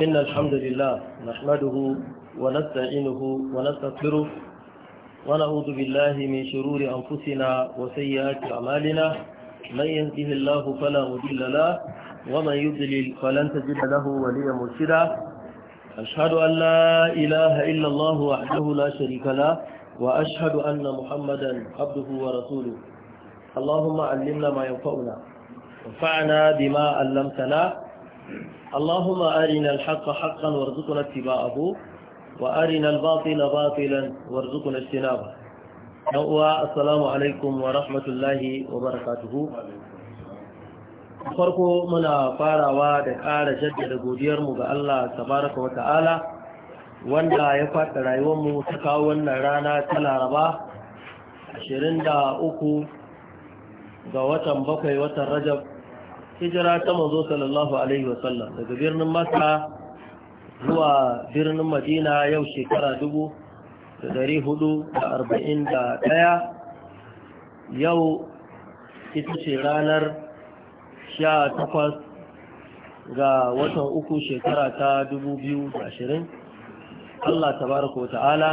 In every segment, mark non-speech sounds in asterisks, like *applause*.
إن الحمد لله نحمده ونستعينه ونستغفره ونعوذ بالله من شرور أنفسنا وسيئات أعمالنا من يهده الله فلا مضل له ومن يضلل فلن تجد له وليا مرشدا أشهد أن لا إله إلا الله وحده لا شريك له وأشهد أن محمدا عبده ورسوله اللهم علمنا ما ينفعنا وانفعنا بما علمتنا اللهم أرنا الحق حقا وارزقنا اتباعه وأرنا الباطل باطلا وارزقنا اجتنابه yawwa السلام alaikum wa rahmatullahi wa farko muna farawa da ƙara jaddada godiyarmu ga Allah tabaraka wa ta'ala wanda ya faɗa rayuwarmu ta kawo wannan rana ta laraba 23 ga watan bakwai watan rajab hijira ta manzo sallallahu alaihi wasallam daga birnin Makka zuwa birnin Madina yau shekara dubu da dari hudu da arba'in da ɗaya yau ita ce ranar sha takwas ga watan uku shekara ta dubu biyu da ashirin Allah tabaraka wa ta'ala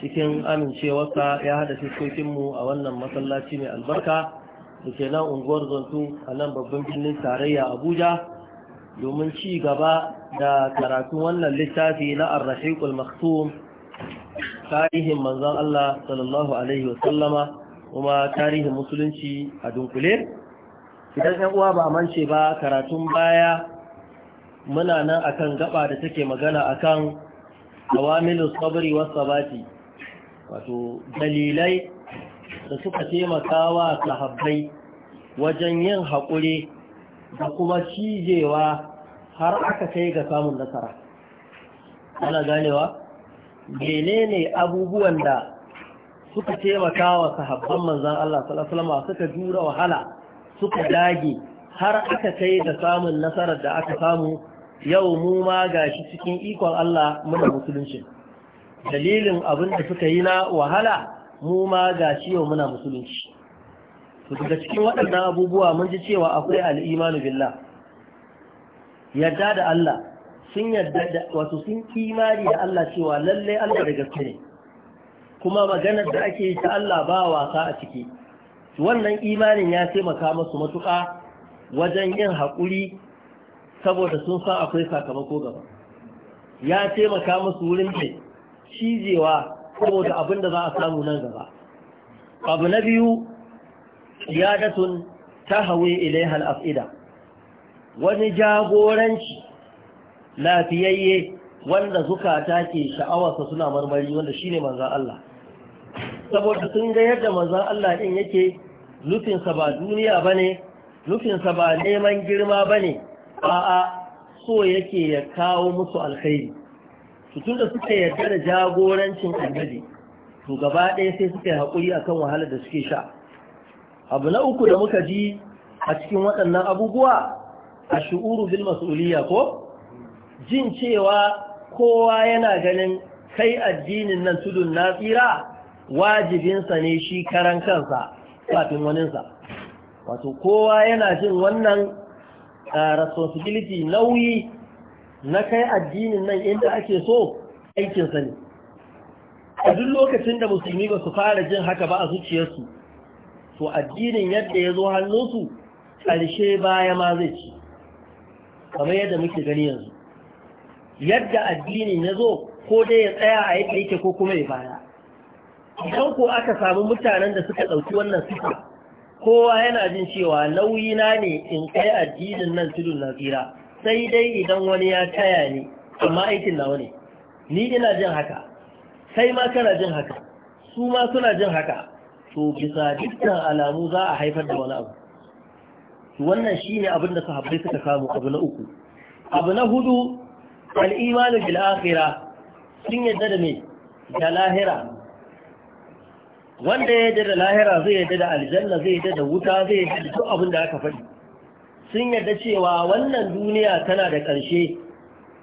cikin amincewarsa ya hada fiskokinmu a wannan masallaci mai albarka da ke nan unguwar zonto a nan babban birnin tarayya abuja domin ci gaba da karatun wannan littafi na arrahiqul maktum tarihin manzan Allah sallallahu alaihi wasallama kuma tarihin musulunci a dunkule idan 'yan uwa ba mance ba karatun baya muna nan akan gaba da take magana akan awamilu sabri wasu sabati wato dalilai da suka taimaka wa sahabbai wajen yin haƙuri da kuma cijewa har aka kai ga samun nasara ana ganewa menene abubuwan da suka taimaka wa sahabban manzan Allah salama suka jura wahala suka dage har aka kai ga samun nasarar da aka samu yau mu ma ga shi cikin ikon Allah muna musulunci dalilin abin da suka yi na wahala mu ma ga shi yau muna musulunci daga cikin waɗannan abubuwa mun ji cewa akwai al'imanu billah yadda da Allah sun yadda da wato sun kimari da Allah cewa lalle Allah da gaske ne kuma maganar da ake yi ta Allah ba wasa a ciki wannan imanin ya taimaka masu matuƙa wajen yin haƙuri saboda sun san akwai sakamako gaba ya taimaka masu wurin da cijewa saboda abin da za a samu nan gaba abu na biyu iyadatun ta hawe ilaihal af'ida wani jagoranci lafiyayye wanda zukata ke sha'awarsa suna marmari wanda shine manzan Allah saboda sun ga yadda manzan Allah ɗin yake nufinsa ba duniya ba ne nufinsa ba neman girma ba ne a'a so yake ya kawo musu alkhairi tun da suka yarda da jagorancin annabi to gaba ɗaya sai suka yi haƙuri akan wahalar da suke sha abu na uku da muka ji a cikin waɗannan abubuwa a shu'uru bil mas'uliyya ko jin cewa kowa yana ganin kai addinin nan tudun na tsira wajibinsa ne shi karan kansa kafin waninsa wato kowa yana jin wannan uh, responsibility nauyi na kai addinin nan inda ake so aikinsa ne a duk lokacin da musulmi ba su fara jin haka ba a zuciyarsu to addinin yadda ya zo hannunsu ƙarshe baya ma zai ci kamar yadda muke gani yanzu yadda addinin ya zo ko dai ya tsaya a yadda yake ko kuma ya baya idan ko aka samu mutanen da suka ɗauki wannan sifa kowa yana jin cewa nauyi na ne in kai addinin nan tudun na tsira sai dai idan wani ya taya ni amma aikin nawa ne ni ina jin haka sai ma kana jin haka su ma suna jin haka to bisa dukkan alamu za a haifar da wani abu wannan shi ne abin da sahabbai suka samu abu na uku abu na hudu al'imanin bil'afira sun yadda da mai, da lahira wanda ya yadda da lahira zai yadda da aljanna zai yadda da wuta zai yadda da duk abin da aka faɗi sun yarda cewa wannan duniya tana da ƙarshe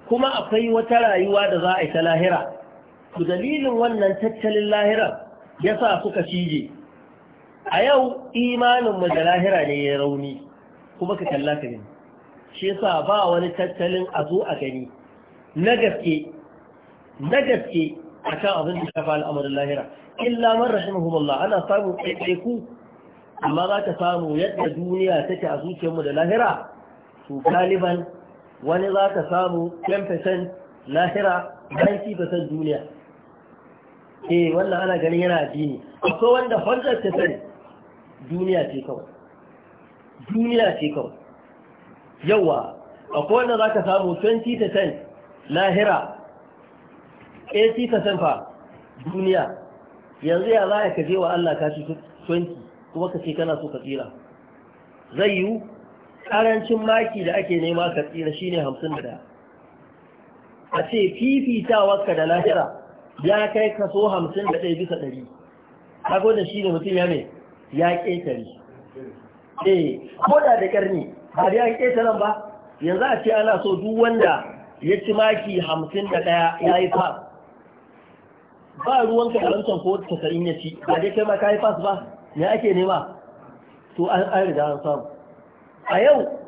kuma akwai wata rayuwa da za a yi ta lahira ku dalilin wannan tattalin lahira ya sa suka cije a yau imaninmu da lahira ne ya rauni kuma ka kalla ka gani shi sa ba wani tattalin a zo a gani na gaske na gaske akan abin da shafa al'amarin lahira illa man rahimahumullah ana samun ɗaiɗaiku amma za ka samu yadda duniya take a zuciyarmu da lahira su galiban wani za ka samu 10% lahira 90% duniya ke eh, wannan ana ganin yana addini so wanda 100% duniya ce kawai duniya ce kawai yawa akwai wanda za ka samu 20% lahira 80% fa duniya yanzu ya za ka je wa Allah ka ci 20 kuma ka ce kana so ka tsira zai yiwu ƙarancin maki da ake nema ka tsira shine hamsin da daya a ce fifitawarka da lahira ya kai kaso hamsin da ɗaya bisa ɗari kago da shi ne mutum ya ne ya ƙetare eh ko da ƙarni ba ya ya nan ba yanzu a ce ana so duk wanda ya ci maki hamsin da ɗaya ya yi fas ba ruwan ka karantar ko sarin ya ci ba dai kai ma ka yi fas ba ne ake nema to an riga an samu a yau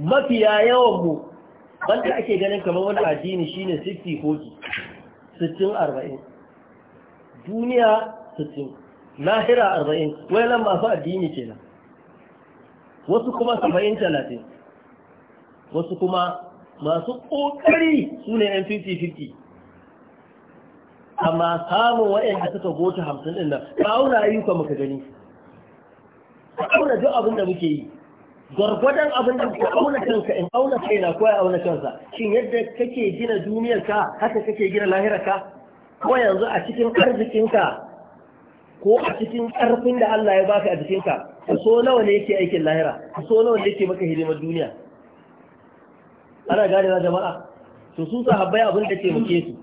mafiya yawan mu wanda ake ganin kamar wani addini shine 60 40 60 40 duniya 60 lahira 40 wai nan ajini ce na wasu kuma 70 30 wasu kuma masu ƙoƙari su ne 50-50 amma samun waɗanda suka goce 50 ɗin nan ba wani ayyuka muka gani Ku auna duk abin da muke yi gwargwadon abin da ka auna kanka in auna kaina ko ya auna kansa shin yadda kake gina duniyarka haka kake gina lahirarka ko yanzu a cikin ka ko a cikin karfin da Allah ya baka a jikinka so nawa ne yake aikin lahira so nawa ne yake maka hidimar duniya ana gane na jama'a to su sahabbai abin da ke muke su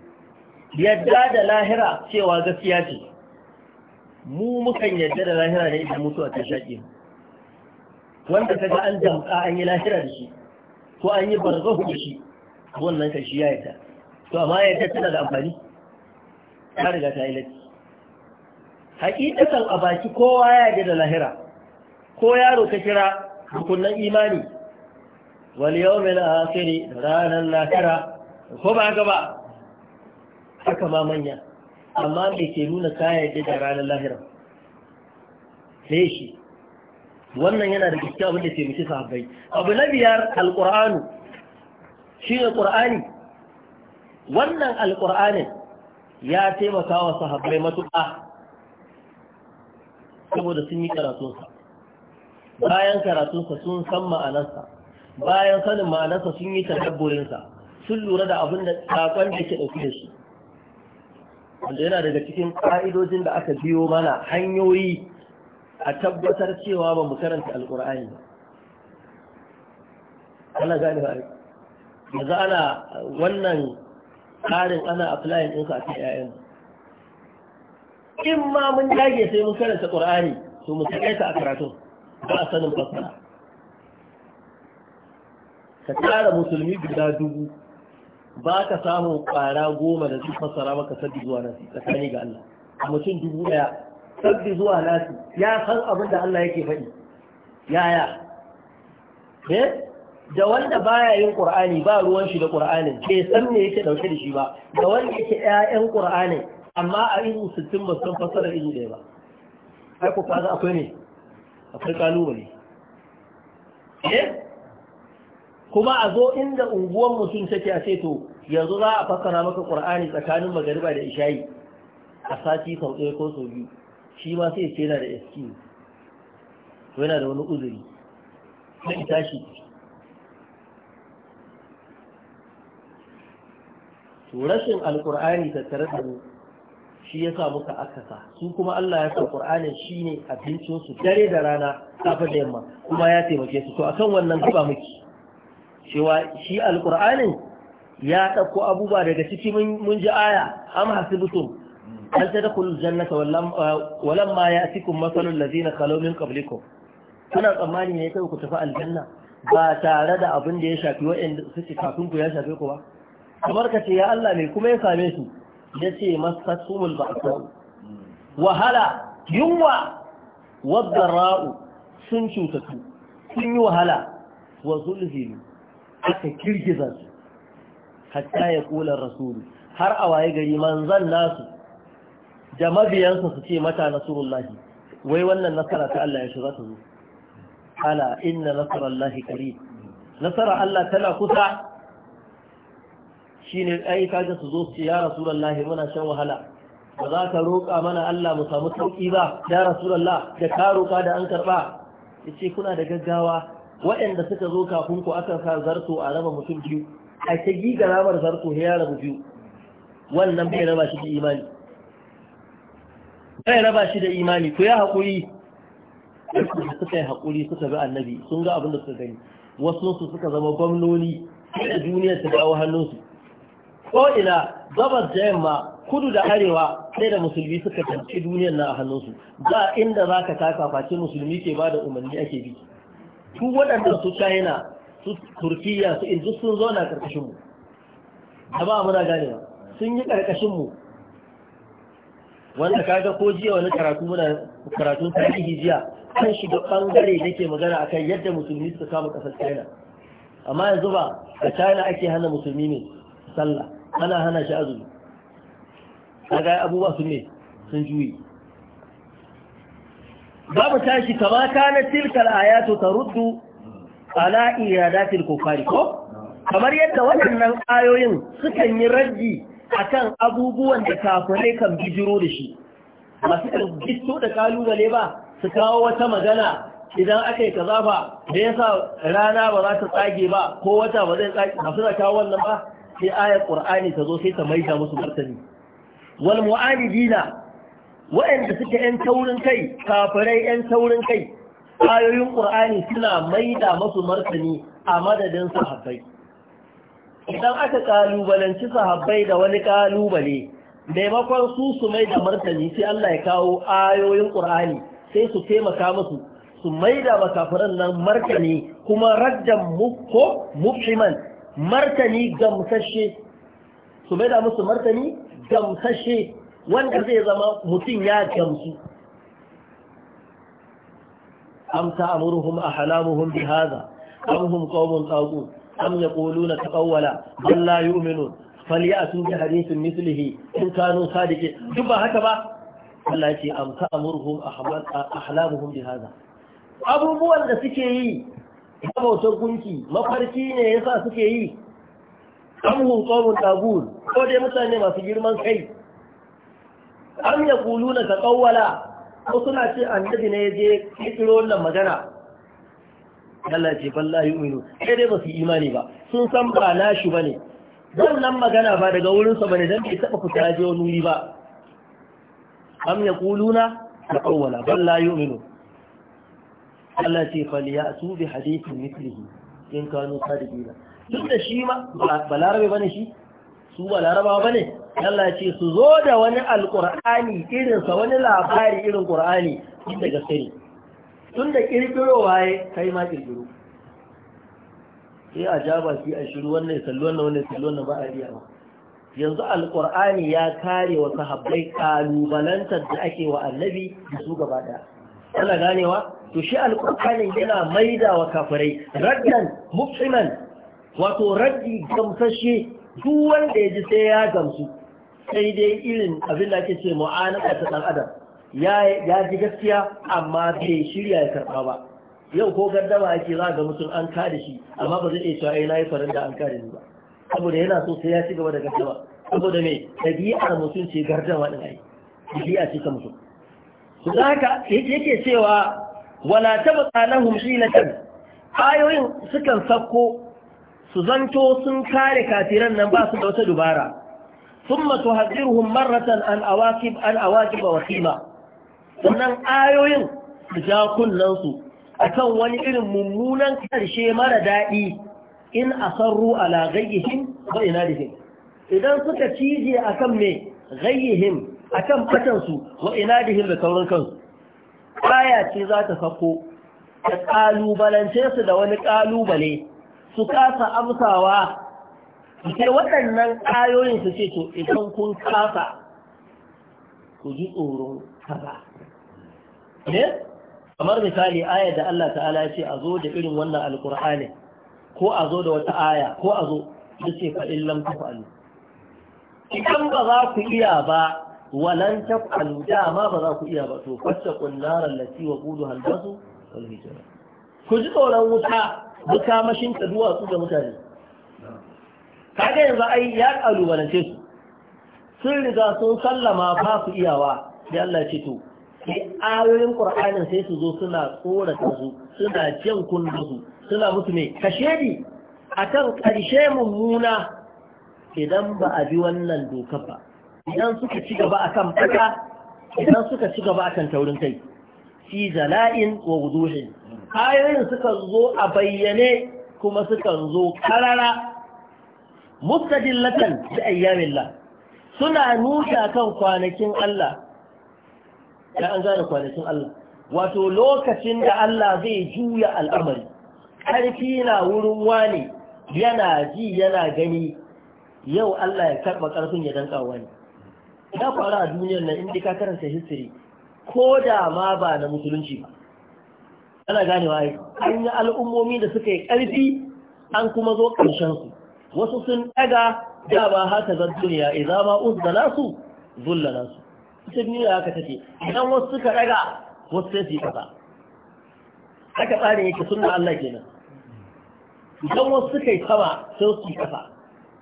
yadda da lahira cewa gaskiya ce mu mukan yadda da lahira ne idan mutu a shaƙe wanda ka ga an damƙa an yi lahira da shi ko an yi barzahu da shi wannan kan shi ya ta to amma ya yadda da amfani ta riga ta yi lati hakikatan a baki kowa ya yi da lahira ko yaro ka kira hukunan imani wal yawmil akhir ranar lahira ko ba ga ba haka ma manya amma me ke nuna kaya da ranar lahira sai shi wannan yana da gaske abin da ke mutu sahabbai abu na biyar alƙur'anu shi ne ƙur'ani wannan alƙur'anin ya taimaka wa sahabbai matuƙa saboda sun yi karatunsa bayan karatunsa sun san ma'anarsa bayan sanin ma'anarsa sun yi burinsa, sun lura da abin da sakon da ke ɗauke da shi wanda yana daga cikin ƙa'idojin da aka biyo mana hanyoyi a tabbatar cewa ba mu karanta alƙur'ani ana gani ba yanzu ana wannan ƙarin ana filayen ɗinsa a cikin 'ya'yan in ma mun dage sai mun karanta ƙur'ani to mu taƙaita a karatun ba a sanin fassara ka tara musulmi guda dubu ba ka samun ƙwara goma da su fasara maka sabbi zuwa nasi tsakani ga Allah a mutum dubu ɗaya sabbi zuwa nasi ya san abin da Allah yake faɗi yaya ne eh? da wanda baya yin qur'ani ba ruwan shi da qur'anin bai san me yake dauke da shi ba da wanda yake ƴaƴan qur'anin amma a izu sittin ba san fasara izu ɗaya ba ai ku kaga akwai ne akwai kalubale eh kuma a zo inda unguwan mutum take a ceto yanzu za a fassara maka Kur'ani tsakanin magariba da ishayi a sati sau ɗaya ko sau biyu shi ma sai ce yana da eski to yana da wani uzuri sai tashi to rashin Alƙur'ani tattare da mu shi ya sa muka akasa su kuma Allah ya sa shi shine abincinsu dare da rana safe da yamma kuma ya taimake su to akan wannan gaba muke cewa shi alƙur'anin ya ɗauko abubuwa daga ciki mun ji aya am hasibutum hmm. an ta dakul jannata walan ma ya tikun masalul lazina kalau kalomin qablikum kuna tsammani ne kai ku tafi aljanna ba tare da abin da ya shafi wa'anda suke kafin ku ya shafi ku ba kamar ka ce ya Allah mai kuma ya same su ya ce masasumul ba'sa hmm. wahala yunwa rau, sun cutatu sun yi wahala wa zulzilu aka girgiza su hatta ya kula rasulu har a waye gari manzan nasu da mabiyansa su ce mata nasurullahi wai wannan nasara ta Allah ya shiga ta zo ala inna nasarallahi qarib nasara Allah tana kusa shine ai kaga su zo su ya rasulullahi muna shan wahala ba za ka roƙa mana Allah mu samu sauki ba ya rasulullah da ka roƙa da an karba yace kuna da gaggawa waɗanda suka zo kafin ku aka sa zarto a raba mutum biyu a ta giga ramar zarto ya rabu biyu wannan bai raba shi da imani bai raba shi da imani ku ya haƙuri suka yi haƙuri suka bi annabi sun ga abin da suka gani wasu su suka zama gwamnoni da duniya ta dawo hannunsu ko ina gabas da yamma kudu da arewa sai da musulmi suka tanci duniyar na a hannunsu ba inda za ka taka face musulmi ke ba da umarni ake bi su waɗanda su china su turkiya su inda sun zo na karkashinmu da ba muna ganewa sun yi karkashinmu wanda kaga ko jiya wani karatu muna karatun tarihi jiya kan shiga bangare da ke magana akan yadda musulmi suka kama kasar china amma yanzu ba a china ake hana musulmi ne sallah ana hana shi azumi kaga abubuwa su ne sun juyi babu tashi kama kana tilkal ayatu taruddu ala iyadatil kokari. ko kamar yadda waɗannan ayoyin sukan yi a akan abubuwan da kafirai kan bijiro da shi masu gisto da kalubale ba su kawo wata magana idan aka yi kaza ba da yasa rana ba za ta tsage ba ko wata ba zai tsage ba suna kawo wannan ba sai ayar ƙur'ani ta zo sai ta maida musu martani wal mu'anidina waɗanda suke ‘yan taurin kai kafirai ‘yan taurin kai ayoyin ƙur'ani suna maida masu martani a madadin sahabbai idan aka ƙalubalanci sahabbai da wani ƙalubale maimakon su su mai martani sai Allah ya kawo ayoyin ƙur'ani sai su taimaka musu su mai da nan martani kuma raddan ko mubhiman martani gamsashe su mai musu martani gamsashe wanda zai zama mutum ya gamsu am ta'muruhum ahlamuhum bihadha am qawmun am yaquluna taqawwala bal la yu'minun falyatu bi hadithin mithlihi in kanu sadiqin haka ba Allah ahlamuhum bihadha abubuwan da suke yi bautar gunki mafarki ne yasa suke yi am qawmun ko dai mutane masu girman kai am ya kulu na taƙawwala ko suna ce annabi ne ya je ƙirƙiro wannan magana Allah ce balla yi umaru sai dai ba su imani ba sun san ba na shi ba ne wannan magana ba daga wurinsa ba ne don bai taɓa fita je wani wuri ba am ya kulu na taƙawwala balla yi umaru Allah ce faliya su bi hadisin mitrihi in kanu gina, duk da shi ma ba ne shi su ba laraba ba ne Yalla ce su zo da wani alƙur'ani irinsa wani labari irin Kur'ani, tun daga sani tun da ƙirƙiro waye kai ma ƙirƙiro sai a jaba baki a shiru wannan sallu wannan wannan sallu wannan ba a riya ba yanzu alƙur'ani ya kare wa sahabbai ƙalubalantar da ake wa annabi da su gaba ɗaya ana ganewa to shi alƙur'ani yana maida wa kafirai raddan mutsiman wato raddi gamsashe duk wanda ya ji sai ya gamsu sai dai irin abin da ake ce mu'anaka a ɗan adam ya ji gaskiya amma bai shirya ya karɓa ba yau ko gardama ake za ga mutum an kada shi amma ba zai iya cewa ai eh, na yi farin da an kada ni ba saboda yana so sai ya ci gaba da gardama saboda mai ɗabi'ar mutum ce gardama ɗin ai ɗabi'a ce ta mutum su za ka yake cewa wala ta tsananin humshi na kan ayoyin sukan sakko su zanto sun kare kafiran nan ba su da wata dubara Sun tuhadhiruhum marratan an awaqib an wa qima sannan ayoyin su ja kunnan su akan wani irin mummunan karshe mara daɗi, in asarru ala ghayyihim wa inadihim idan suka cije akan me ghayyihim akan fatan su wa inadihim da sauran kansu aya ce za ta sako ta kalubalance su da wani ƙalubale. su kasa amsawa sai waɗannan ayoyin su ce to idan kun kasa ku ji tsoron kaza ne kamar misali aya da Allah ta'ala ya ce a zo da irin wannan Alƙur'ani, ko a zo da wata aya ko a zo da ce fa'in lam tafalu idan ba za ku iya ba walan tafalu dama ba za ku iya ba to kwatta kunnaran lati wa qudu halbasu wal hijra ku ji tsoron wuta makamashin ka duwatsu da mutane kaga yanzu ai ya kalubalance su sun riga sun sallama ba su iyawa da Allah ce to sai ayoyin qur'anin sai su zo suna tsorata su suna jan kundu su suna musu mai a akan karshe mummuna idan ba a bi wannan doka ba idan suka ci gaba akan fata idan suka ci gaba akan taurin kai fi zala'in wa wuduhin ayoyin sukan zo a bayyane kuma suka zo karara mustadillatan da ayyamin suna nuna kan kwanakin Allah Ya an gane kwanakin Allah wato lokacin da Allah zai juya al'amari ƙarfi na wurin wani yana ji yana gani yau Allah ya karɓa ƙarfin ya danƙa wani ya fara a duniyar nan inda ka karanta history ko da ma ba na musulunci ba ana ganewa yi an yi al'ummomi da suka yi ƙarfi an kuma zo ƙarshensu wasu sun ɗaga da ba haka zan duniya iza ma uzzala su zullala su ita duniya haka take idan wasu suka ɗaga wasu sai su yi ƙasa haka tsarin yake da Allah kenan idan wasu suka yi sama sai su yi ƙasa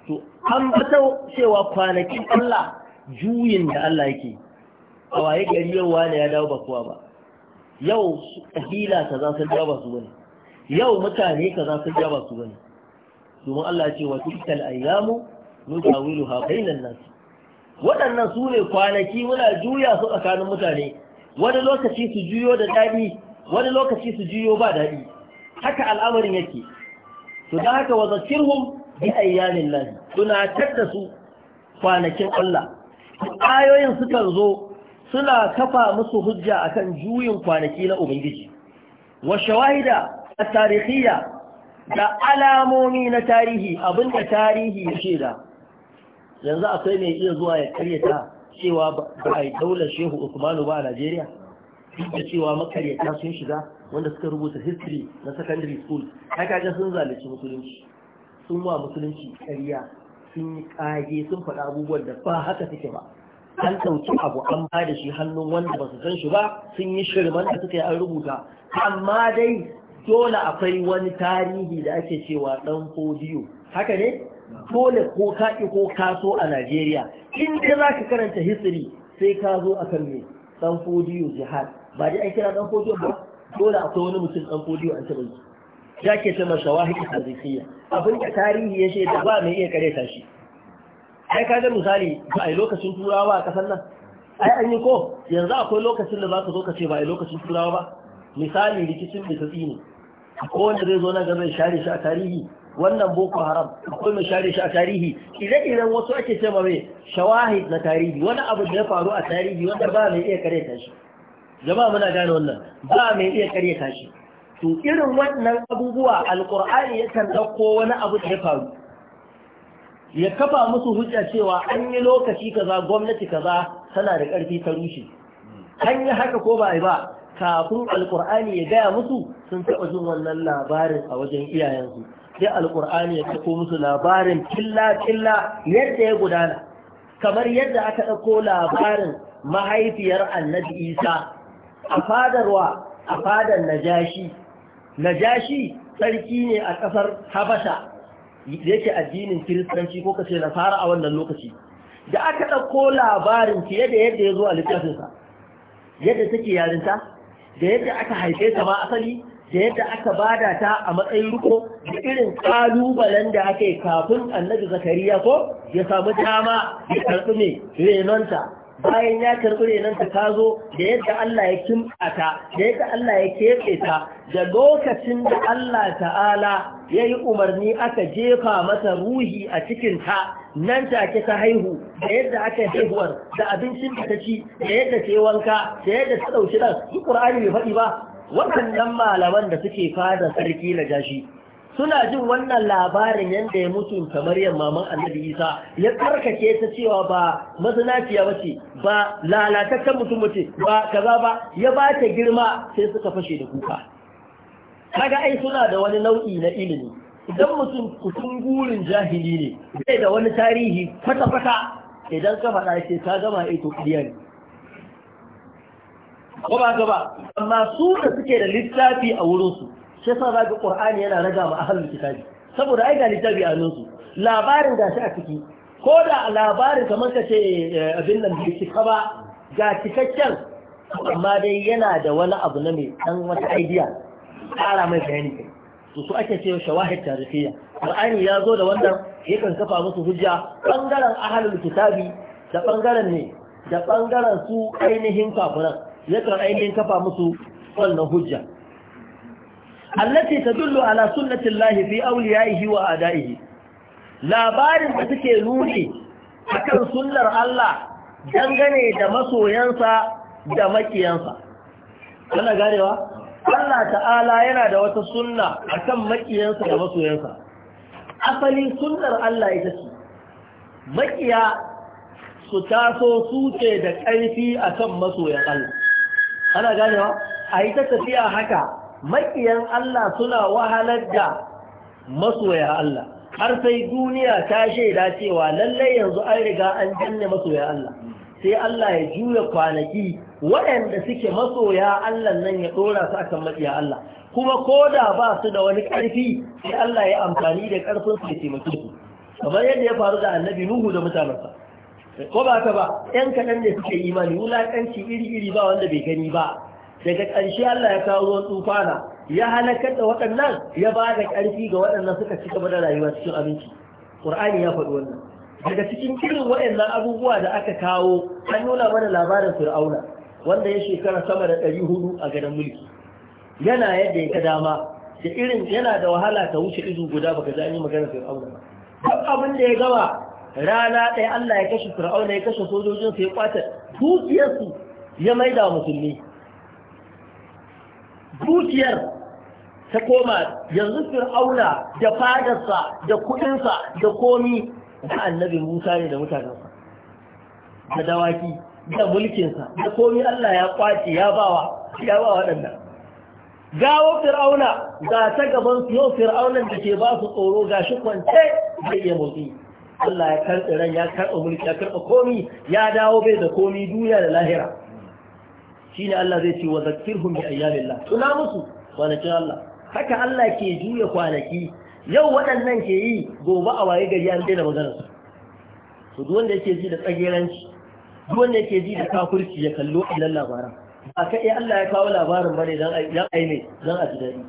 to an bata cewa kwanakin Allah juyin da Allah yake a waye gari yau wane ya dawo ba kowa ba yau kabila ka za su dawo ba su bane yau mutane ka za su dawo ba su bane domin Allah ce wa tilkal ayyamu nudawiluha bainan nas waɗannan su ne kwanaki muna juya su tsakanin mutane wani lokaci su juyo da dadi wani lokaci su juyo ba daɗi haka al'amarin yake to da haka wa zakirhum bi ayyamin lahi tunatar da su kwanakin Allah ayoyin sukan zo suna kafa musu hujja akan juyin kwanaki na ubangiji wa shawahida a tarihiyya da alamomi na tarihi abinda tarihi ya da yanzu akwai mai iya zuwa ya karyata cewa ba a daular shehu usmanu ba a najeriya da cewa makaryata sun shiga wanda suka rubuta history na secondary school haka sun zalunci musulunci sun wa musulunci karya sun yi kage sun faɗa abubuwan da ba haka suke ba an ɗauki abu an ba da shi hannun wanda ba su san shi ba sun yi shirman da suka yi an rubuta amma dai dole akwai wani tarihi da ake cewa ɗan fodiyo haka ne dole ko ka ko kaso a najeriya in dai za ka karanta history sai ka zo akan me ɗan fodiyo jihad ba dai an kira ɗan fodiyo ba dole akwai wani mutum ɗan fodiyo an taɓa yi ya ke sama shawahid tarihiya abin da tarihi ya shaida ba mai iya kareta shi ai ka ga misali ba a lokacin turawa a kasar nan ai an yi ko yanzu akwai lokacin da za ka zo ka ce ba a lokacin turawa ba misali rikicin da ta tsini, ko wanda zai zo na ga zai share shi a tarihi wannan boko haram akwai mai share shi a tarihi ire-iren wasu ake ce ma mai shawahid na tarihi wani abu da ya faru a tarihi wanda ba mai iya kare shi jama'a muna gane wannan ba mai iya kare shi to irin wannan abubuwa alkur'ani yakan ɗauko wani abu da ya faru ya kafa musu hujja cewa an yi lokaci kaza gwamnati kaza tana da ƙarfi ta rushe an yi haka ko ba yi ba kafin alkur'ani ya gaya musu sun taɓa jin wannan labarin a wajen iyayensu sai alkur'ani ya kafa musu labarin killa-killa yadda ya gudana kamar yadda aka ɗauko labarin mahaifiyar annabi isa a fadarwa a fadar najashi najashi sarki ne a ƙasar habasha yake addinin kiristanci ko kace na fara a wannan lokaci da aka ɗauko labarin fiye da yadda ya zo a littafinsa yadda take yarinta da yadda aka haife ta ma asali da yadda aka bada ta a matsayin ruko da irin kalubalen da ake kafin annabi zakariya ko ya samu dama ya karbi ne renonta bayan ya karɓi renanta ta zo da yadda Allah ya kimta ta da yadda Allah ya keɓe ta da lokacin da Allah ta'ala ya yi umarni aka jefa masa ruhi a cikinta nan ta take ta haihu da yadda aka haihuwar da abincin da ta ci da yadda ta yi wanka da yadda ta ɗauki ɗan su ƙur'ani bai faɗi ba waɗannan malaman da suke fada sarki na jashi suna jin wannan labarin yadda ya mutu kamar yamma man annabi isa ya karkace ta cewa ba mazinaciya bace ba lalatattar mutum ba kaza ba ya ba ta girma sai suka fashe da kuka kaga ai suna da wani nau'i na ilimi idan mutum kusun gurin jahili ne Zai da wani tarihi kwata-kwata idan ka faɗa ce ta gama ito ƙiliyar ko ba ba amma su da suke da littafi a wurinsu shi yasa za ga qur'ani yana raga ma ahlul kitabi saboda ai ga littafi a nan su labarin shi a ciki ko da labarin kamar ka ce eh, abin nan bai cika ba ga cikakken amma dai yana da wani abu na mai dan wata idea tsara mai bayani to su ake cewa shawahid tarihiyya qur'ani ya zo da wannan yakan kafa musu hujja bangaren ahlul kitabi da bangaren ne da bangaren su ainihin kafiran yakan ainihin kafa musu wannan hujja allati tadullu ala sunnati llahi fi awliyaihi wa adaihi labarin da suke nuni akan sunnar Allah dangane da masoyansa da makiyansa kana ganewa Allah ta'ala yana da wata sunna akan makiyansa da masoyansa asali sunnar Allah ita ce makiya su taso suke da ƙarfi akan masoyan Allah ana ganewa a yi ta tafiya haka makiyan Allah suna wahalar da masoya Allah har sai duniya ta shaida cewa lallai yanzu an riga an janne masoya Allah sai Allah ya juya kwanaki waɗanda suke masoya Allah nan ya ɗora su akan makiya Allah kuma ko da ba su da wani ƙarfi sai Allah ya amfani da ƙarfin su ya taimake kamar yadda ya faru da annabi Nuhu da mutanensa ko ba ta ba ‘yan kaɗan da suke imani wulaƙanci iri-iri ba wanda bai gani ba daga ƙarshe Allah ya kawo ruwan tufana ya halakar da waɗannan ya ba da ƙarfi ga waɗannan suka ci gaba da rayuwa cikin abinci ƙur'ani ya faɗi wannan daga cikin irin waɗannan abubuwa da aka kawo an nuna mana labarin fir'auna wanda ya shekara sama da ɗari hudu a gadon mulki yana yadda ya ka dama da irin yana da wahala ta wuce izu guda baka ji an yi maganar fir'auna ba duk abin da ya gaba rana ɗaya Allah ya kashe fir'auna ya kashe sojojin ya kwata dukiyarsu ya maida wa musulmi dukiyar ta koma yanzu fir'auna da fadarsa da kudinsa da komi da annabi musa ne da mutanensa da dawaki da mulkinsa da komi allah ya kwace ya bawa ya bawa waɗanda gawo fir'auna ga ta gaban yau fir'aunan da ke ba su tsoro ga shi kwance zai iya motsi allah ya karɓi ran ya karɓi mulki ya karɓi komi ya dawo bai da komi duniya da lahira shine Allah zai ce wa zakirhum bi ayyamillah tuna musu kwanakin Allah haka Allah ke juya kwanaki yau waɗannan ke yi gobe a waye gari an daina maganarsu, su duk wanda yake ji da tsageranci duk wanda yake ji da kafirci ya kallo ilan labaran ba ka iya Allah ya kawo labarin bane dan dan aime dan a ji dadi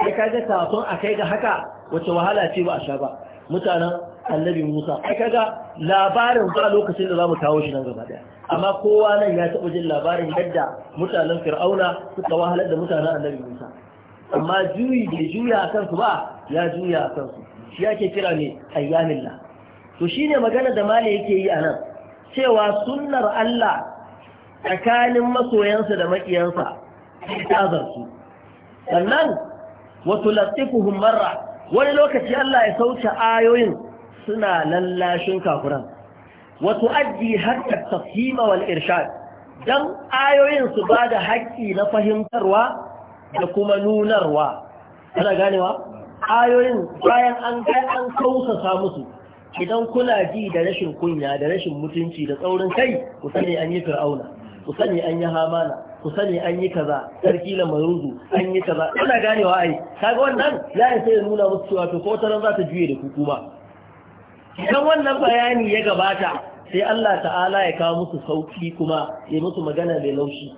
sai kaga kafin a kai ga haka wace wahala ce ba a sha ba mutanen annabi Musa ai kaga labarin ba lokacin da zamu kawo shi nan gaba daya amma kowa nan ya taba jin labarin yadda mutanen Fir'auna suka wahalar da mutanen annabi Musa amma juyi da juya akan su ba ya juya akan su shi yake kira ne ayyamillah to shine magana da mala yake yi anan cewa sunnar Allah tsakanin masoyansa da makiyansa ta zarsu sannan wa tulattifuhum marra wani lokaci Allah ya sauce ayoyin suna lallashin kafuran wato addi hatta tafhima wal irshad dan ayoyin su bada haƙƙi na fahimtarwa da kuma nunarwa kana ganewa ayoyin bayan an kai an kausasa musu idan kuna ji da rashin kunya da rashin mutunci da tsaurin kai ku sani an yi fir'auna ku sani an yi hamana ku sani an yi kaza sarki la maruzu an yi kaza ina ganewa ai kaga wannan ya isa ya nuna musu cewa to ko taran za ta juye da ku kuma idan wannan bayani ya gabata sai Allah ta'ala ya kawo musu sauki kuma ya musu magana mai laushi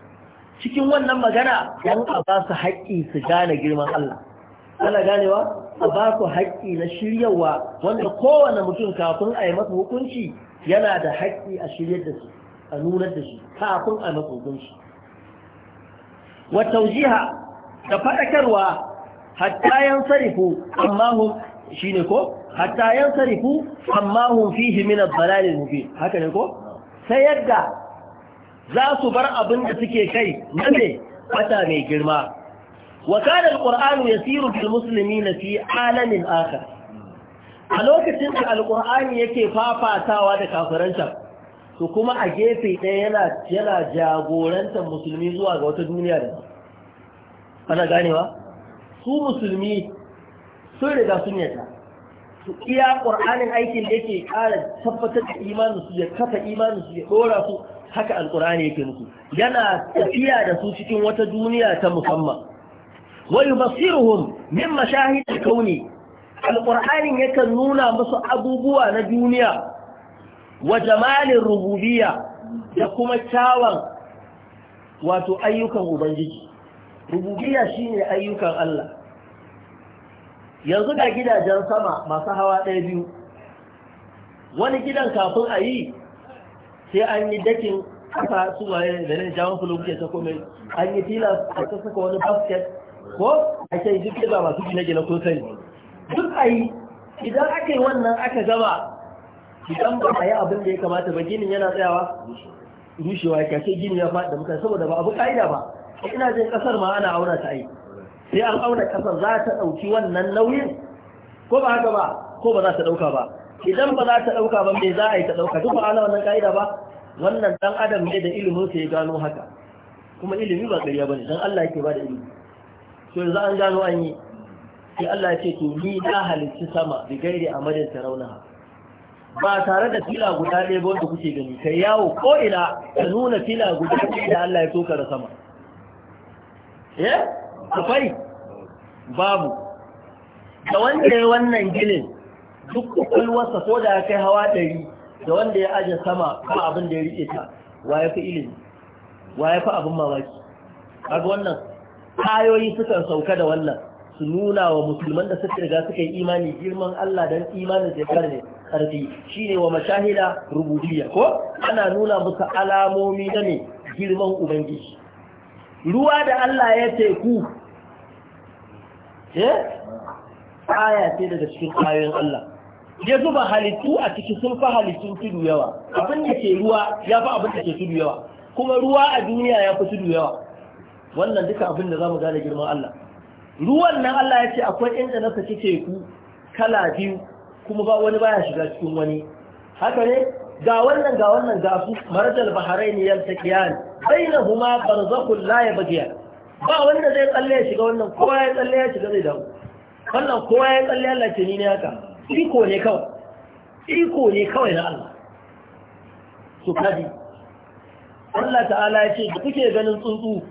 cikin wannan magana an ba su haƙƙi su gane girman Allah ana ganewa a ba su haƙƙi na shiryawa wanda kowane mutum kafin a yi masa hukunci yana da haƙƙi a shiryar da su a nunar da shi kafin a matsogon shi wa taujiha da faɗakarwa hatta yan sarifu amma hun shi ne ko hatta yan sarifu amma hun fihi min ad-dalalil haka ne ko sai yadda za su bar abin da suke kai na ne fata mai girma wa kana ya quranu yasiru bil muslimina fi alamin akhar a lokacin da al yake fafatawa da kafiransa To kuma a gefe ɗaya yana yana jagorantar musulmi zuwa ga wata duniya da ana ganewa su musulmi sun riga sun su iya ƙur'anin aikin da yake ƙara tabbatar da imanin su ya kafa imanin su ya ɗora su haka alƙur'ani yake musu yana tafiya da su cikin wata duniya ta musamman wa yubassiruhum min mashahid kauni alƙur'anin yakan nuna musu abubuwa na duniya wa jamalin rububiyya da kuma kyawun wato ayyukan ubangiji rububiyya shine ayyukan Allah yanzu ga gidajen sama masu hawa ɗaya biyu wani gidan kafin a yi sai an yi dakin kasa waye da ne jawon fulo ta komai an yi filas a ta saka wani basket ko a kai duk gida masu gine-gine kun sani duk a yi idan aka yi wannan aka gaba idan ba a yi abin da ya kamata ba ginin yana tsayawa rushewa ya ce gini ya faɗi da mutane saboda ba abu ƙa'ida ba ina jin ƙasar ma ana auna ta ai sai an auna ƙasar za ta ɗauki wannan nauyin ko ba haka ba ko ba za ta ɗauka ba idan ba za ta ɗauka ba me za a yi ta ɗauka duk ba ana wannan ƙa'ida ba wannan ɗan adam ne da ilimin sa ya gano haka kuma ilimi ba ƙarya ba ne don Allah yake ba da ilimi so yanzu an gano an yi sai Allah ya ce to ni na halitta sama bi gairi sarauna tarawnaha ba tare da fila guda ɗaya ba wanda kuke gani kai yawo ko ina ka nuna fila guda ɗaya da Allah ya soka da sama eh akwai babu da wanda ya wannan ginin duk kwakwalwarsa ko da ya kai hawa ɗari da wanda ya aje sama ba abin da ya riƙe ta wa ya fi ilimi wa ya fi abin mamaki kaga wannan Kayoyi sukan sauka da wannan su nuna wa musulman da suka riga suka yi imani girman Allah dan imanin da ya ne karfi shine wa mashahida rububiyya ko ana nuna musu alamomi da ne girman ubangiji ruwa da Allah ya teku eh aya ce daga cikin ayoyin Allah ya zuba halittu a cikin sun fa halittun tudu yawa abin da ke ruwa ya fi abin da ke tudu yawa kuma ruwa a duniya ya fi tudu yawa wannan duka abin da za mu gane girman Allah ruwan nan Allah ya ce akwai inda na saki teku kala biyu kuma ba wani baya shiga cikin wani haka ne ga wannan ga wannan ga su marajal baharain yal taqiyan bainahuma barzakhun la yabghiya ba wanda zai tsalle ya shiga wannan kowa ya tsalle ya shiga zai dawo wannan kowa ya tsalle Allah ce ni ne haka iko ne kawai iko ne kawai na Allah su kadi Allah ta'ala ya ce da kuke ganin tsuntsu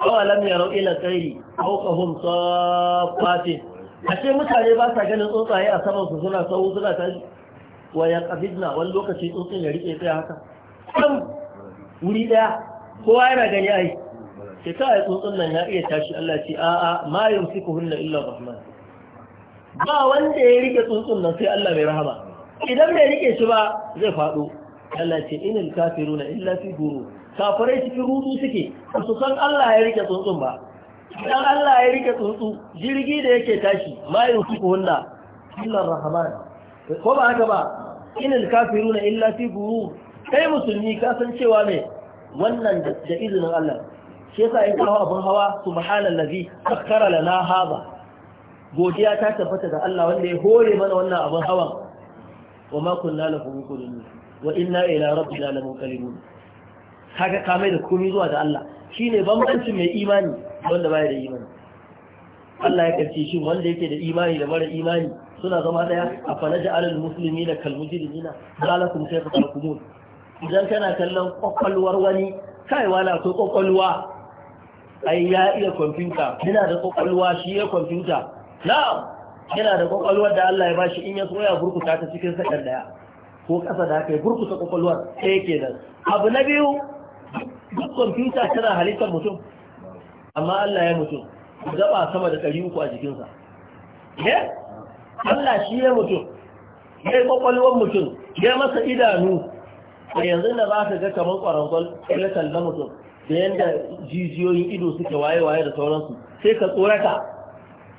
awalam yarau ila tsayi fawqahum safatin ashe mutane ba sa ganin tsuntsaye a saman su suna sau suna tashi wa ya qabidna wani lokaci tsuntsun ya rike tsaya haka Dan wuri daya kowa yana gani ai sai ta ai tsuntsun nan ya iya tashi Allah ce a a ma hunna illa rahman ba wanda ya rike tsuntsun nan sai Allah mai rahama idan bai rike shi ba zai faɗo Allah ce inil kafiruna illa fi gurur kafirai cikin rudu suke ba su san Allah ya rike tsuntsun ba idan Allah ya rike tsuntsu jirgi da yake tashi ma yin suku rahman ko ba haka ba inal kafiru na illa fi guru kai musulmi ka san cewa ne wannan da izinin Allah shi yasa in kawo abin hawa ladhi sakkara lana haba godiya ta tabbata da Allah wanda ya hore mana wannan abin hawan wa ma kunna lahu na wa inna ila rabbina lamunqalibun kaga ka mai da komai zuwa ga Allah shine bambancin mai imani wanda baya da imani Allah ya karce shi wanda yake da imani da mara imani suna zama daya a falaja alal musulmi da kalmujirina zalakum sai ka tarkumun idan kana kallon kwakwalwar wani kai wala ko kwakwalwa ai ya iya kwamfuta yana da kwakwalwa shi ya kwamfuta na'am yana da kwakwalwar da Allah ya bashi in ya so ya burkuta ta cikin sakar daya ko kasa da haka ya burkuta kwakwalwar sai kenan abu na biyu duk kwamfuta tana halittar mutum amma Allah ya mutum gaba sama da ɗari uku a jikinsa ne Allah shi ya mutum ya yi kwakwalwar mutum ya masa idanu a yanzu da za ka ga kamar ƙwarangon ƙilatar na mutum da yadda jijiyoyin ido suke waye-waye da sauransu sai ka tsorata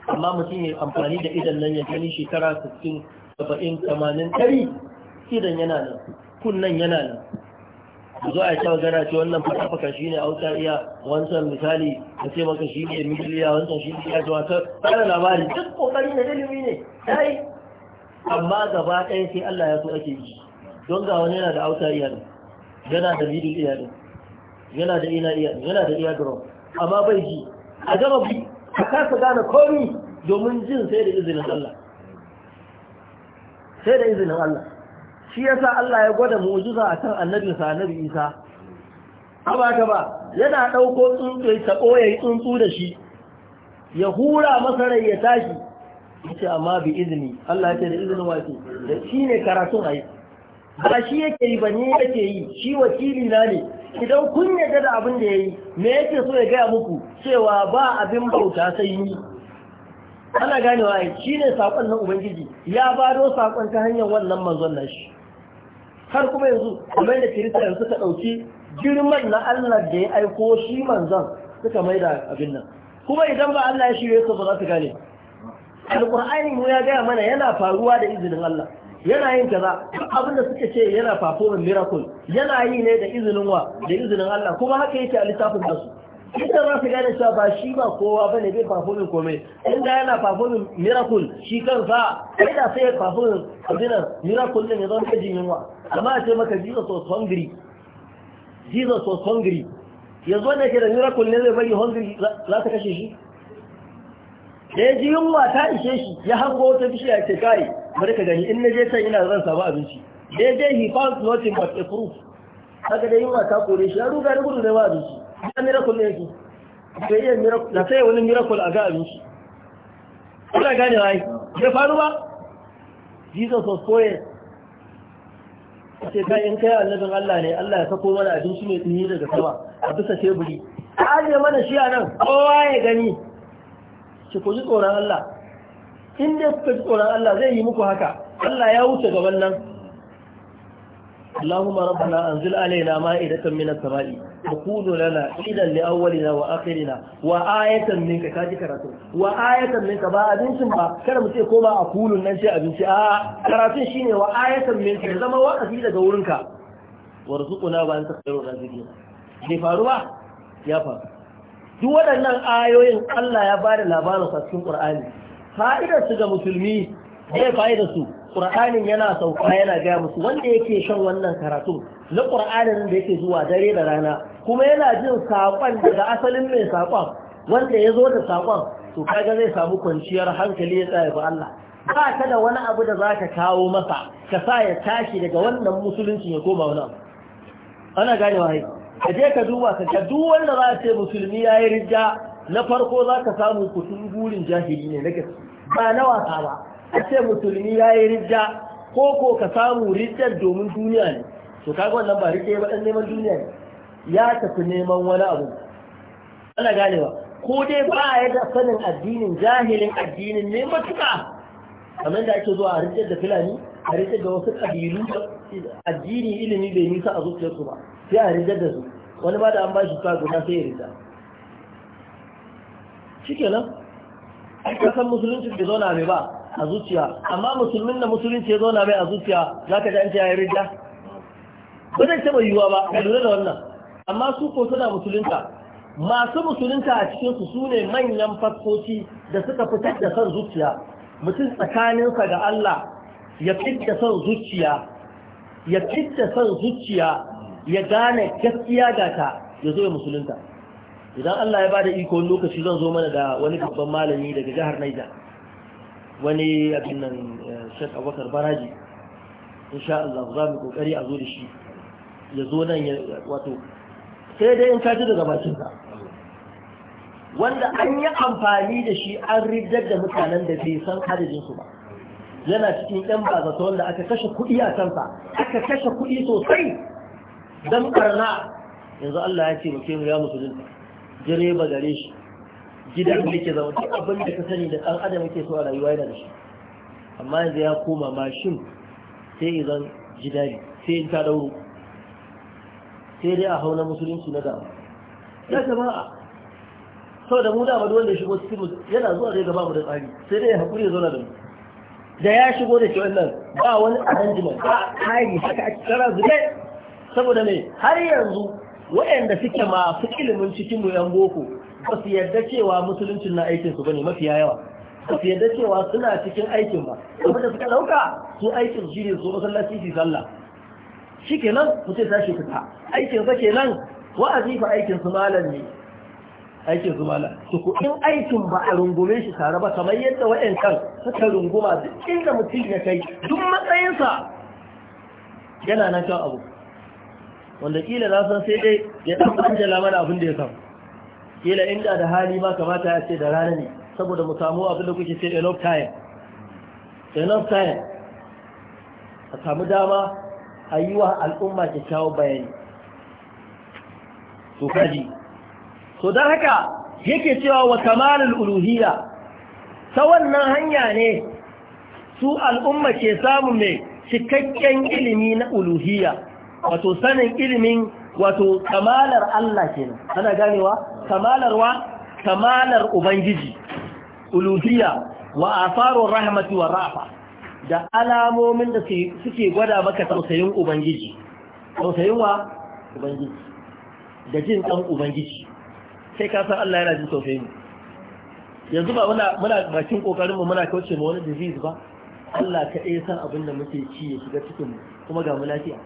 amma mutum ya amfani da idan nan ya gani shekara 60 70 80 idan yana nan kunnan yana nan zo a cewa magana ce wannan faka shi ne iya wancan misali a ce maka shi ne miliya wancan shi ne yaji wata tsara labari duk kokari na dalimi ne dai amma gaba ɗaya sai Allah ya so ake yi don ga wani yana da iya ne yana da middle iya ne yana da ina iya yana da iya drum amma bai ji a gama bi a kasa gane komi domin jin sai da izinin Allah sai da izinin Allah shi yasa Allah ya gwada mu'jiza akan annabi sa annabi Isa abaka ba yana ɗauko tsuntsu ta koyayi tsuntsu da shi ya hura masa rai ya tashi yace amma bi izini Allah ya ce da izinin wasu da shine karatun ayi ba shi yake yi ba ne yake yi shi wakili na ne idan kun yarda da abin da yayi me yake so ya gaya muku cewa ba abin bauta sai ni ana ganewa ai shine sakon na ubangiji ya bado sakon ta hanyar wannan manzon nashi har kuma yanzu kamar da Kirista yanzu suka ɗauki girman na Allah da ya aiko shi manzan suka mai da abin nan kuma idan ba Allah ya shirye su ba za su gane alƙur'ani mu ya gaya mana yana faruwa da izinin Allah yana yin kaza abin da suka ce yana performing miracle yana yi ne da izinin wa da izinin Allah kuma haka yake a littafin nasu inda za su gane cewa ba shi ba kowa ne bai performing komai inda yana performing miracle shi kan kansa sai da sai performing abin miracle din ya zama ta jin yunwa amma a ce maka Jesus was hungry Jesus was hungry yanzu wanda ke da miracle ne zai bari hungry za ta kashe shi da ya ji yunwa ta ishe shi ya hango wata bishiya ce kai bari ka gani in na je can ina zan samu abinci da ya je he found nothing but a proof haka da yunwa ta kore shi ya ruga da gudu da ba abinci ba miracle ne yake da miracle da sai wani miracle a ga abin shi kuna gane wa yi ya faru ba jesus was poet sai ka in kai annabin Allah ne Allah ya sako mana abin abinci mai tsini daga sama a bisa teburi a ajiye mana shi a nan kowa ya gani ki ku ji tsoron Allah in dai kuka ji tsoron Allah zai yi muku haka Allah ya wuce gaban nan اللهم ربنا أنزل علينا مائدة من السماء تقول لنا إذا لأولنا وآخرنا وآية منك كاجي كراتو وآية منك با أبين سنبا كان مسيح كوما أقول الناس أبين سنبا كراتين شيني وآية منك زما وأسيدة دورنك ورزقنا وأنت خير الرازقين ne faruwa ya faru duk waɗannan ayoyin Allah ya bada labarin sa cikin Qur'ani fa'idar su ga musulmi zai da su qur'anin yana sauka yana gaya musu wanda yake shan wannan karatun na qur'anin da yake zuwa dare da rana kuma yana jin saƙon daga asalin mai saƙon wanda ya zo da saƙon to kaga zai samu kwanciyar hankali ya tsaye ba Allah ba ka da wani abu da za ka kawo masa ka sa ya tashi daga wannan musulunci ya koma wani ana gane wa hai ka je ka duba ka ga duk wanda za ce musulmi ya yi rija na farko za ka samu kutun burin jahili ne na gaske ba na wasa ba a ce musulmi ya yi rijja ko ko ka samu rijjar domin duniya ne to kaga wannan ba rike ba dan neman duniya ne ya tafi neman wani abu ana ganewa ko dai ba ya da sanin addinin jahilin addinin ne matuka kamar da ake zuwa a rijjar da fulani a rijjar da wasu kabilu addini ilimi bai nisa a su ba sai a rijjar da su wani ba da an ba shi ta guda sai ya rijja shi kenan an kasan musulunci bai zauna mai ba a zuciya amma musulmin da musulunci ya zauna mai a zuciya za ka ji an ya yi rija ba zai taɓa yiwuwa ba ka lura da wannan amma su ko suna musulunta masu musulunta a cikinsu su ne manyan faskoci da suka fitar da son zuciya mutum tsakaninsa ga Allah ya fitta son zuciya ya fitta son zuciya ya gane gaskiya ga ta ya zo ya musulunta idan Allah ya ba da iko lokaci zan zo mana da wani babban malami daga jihar Niger wani abin nan eh, shek abubakar baraji insha Allah za mu kokari a zo da shi ya zo nan ya wato sai dai in ka daga bakin ka wanda an yi amfani da shi an riddar da mutanen da bai san adadin su ba yana cikin yan bazata wanda aka kashe kuɗi a kansa aka kashe kuɗi sosai dan karna yanzu Allah ya ce mu ya musulunta direba gare shi gidan da yake zama duk abin da ka sani da ɗan adam yake so a rayuwa yana da shi amma yanzu ya koma mashin sai izan gida ne sai in ta dauro sai dai a hau na musulunci na dama ya jama'a sau da mu dama duk wanda ya shigo cikin yana zuwa zai gaba mu da tsari sai dai ya haƙuri ya zauna da mu da ya shigo da ke wannan ba wani arrangement ba kari haka a cikin zube saboda ne har yanzu waɗanda suke masu ilimin cikin mu yan boko ba su cewa musuluncin na aikin su bane mafiya yawa ba su cewa suna cikin aikin ba kuma da suka dauka su aikin shi ne su masallaci su sallah shi kenan ce tashi fita aikin sa kenan wa'azi fa aikin su malam ne aikin su malam su in aikin ba a rungume shi tare ba kamar yadda kan suka runguma duk inda mutum ya kai duk matsayinsa yana nan kan abu wanda kila na san sai dai ya ɗan ɓanjala lamarin abin da ya samu kila inda da hali ba kamata ya ce da rana ne saboda mu samu abin da kuke ce enough time enough time a samu dama a yi wa al'umma kyakkyawan bayani to kaji so don haka yake cewa wa kamalul uluhiyya ta wannan hanya ne su al'umma ke samun mai cikakken ilimi na uluhiyya wato sanin ilimin wato kamalar Allah kenan ana ganewa kamalar wa kamalar ubangiji uluhiyya wa afarur rahmati wa rafa da alamomin da suke gwada maka tausayin ubangiji tausayin wa ubangiji da jin dan ubangiji sai ka san Allah yana jin tausayin yanzu ba muna muna bakin kokarin mu muna kauce ma wani disease ba Allah ka ɗaya san abin da muke ci ya shiga cikin mu kuma ga mu lafiya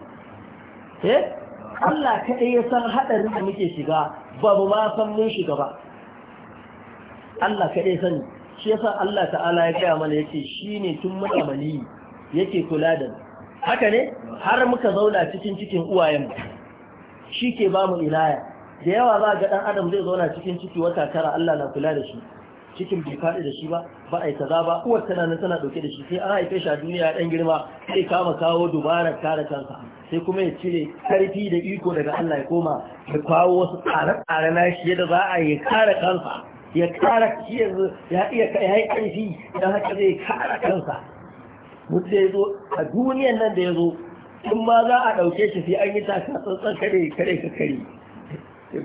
eh Allah kaɗai ya san haɗarin da muke shiga ba mu ma san mun shiga ba Allah kaɗai sani shi yasa Allah ta'ala ya gaya mana yake shi ne tun muna yake kula da mu. haka ne har muka zauna cikin cikin uwayen shi ke ba mu ilaya da yawa ba ga ɗan adam zai zauna cikin ciki wata tara Allah na kula da shi cikin bai faɗi da shi ba ba a yi kaza ba uwar tana nan tana ɗauke da shi sai an haife shi a duniya ɗan girma sai kama kawo dubara kare kansa sai kuma ya cire karfi da iko daga Allah ya koma ya kawo wasu tsare-tsare na shi yadda za a yi kare kansa ya kare shi yanzu ya iya kai karfi don haka zai kare kansa mutu ya zo a duniyan nan da ya zo in ma za a ɗauke shi sai an yi taka tsantsan kare kare ka kare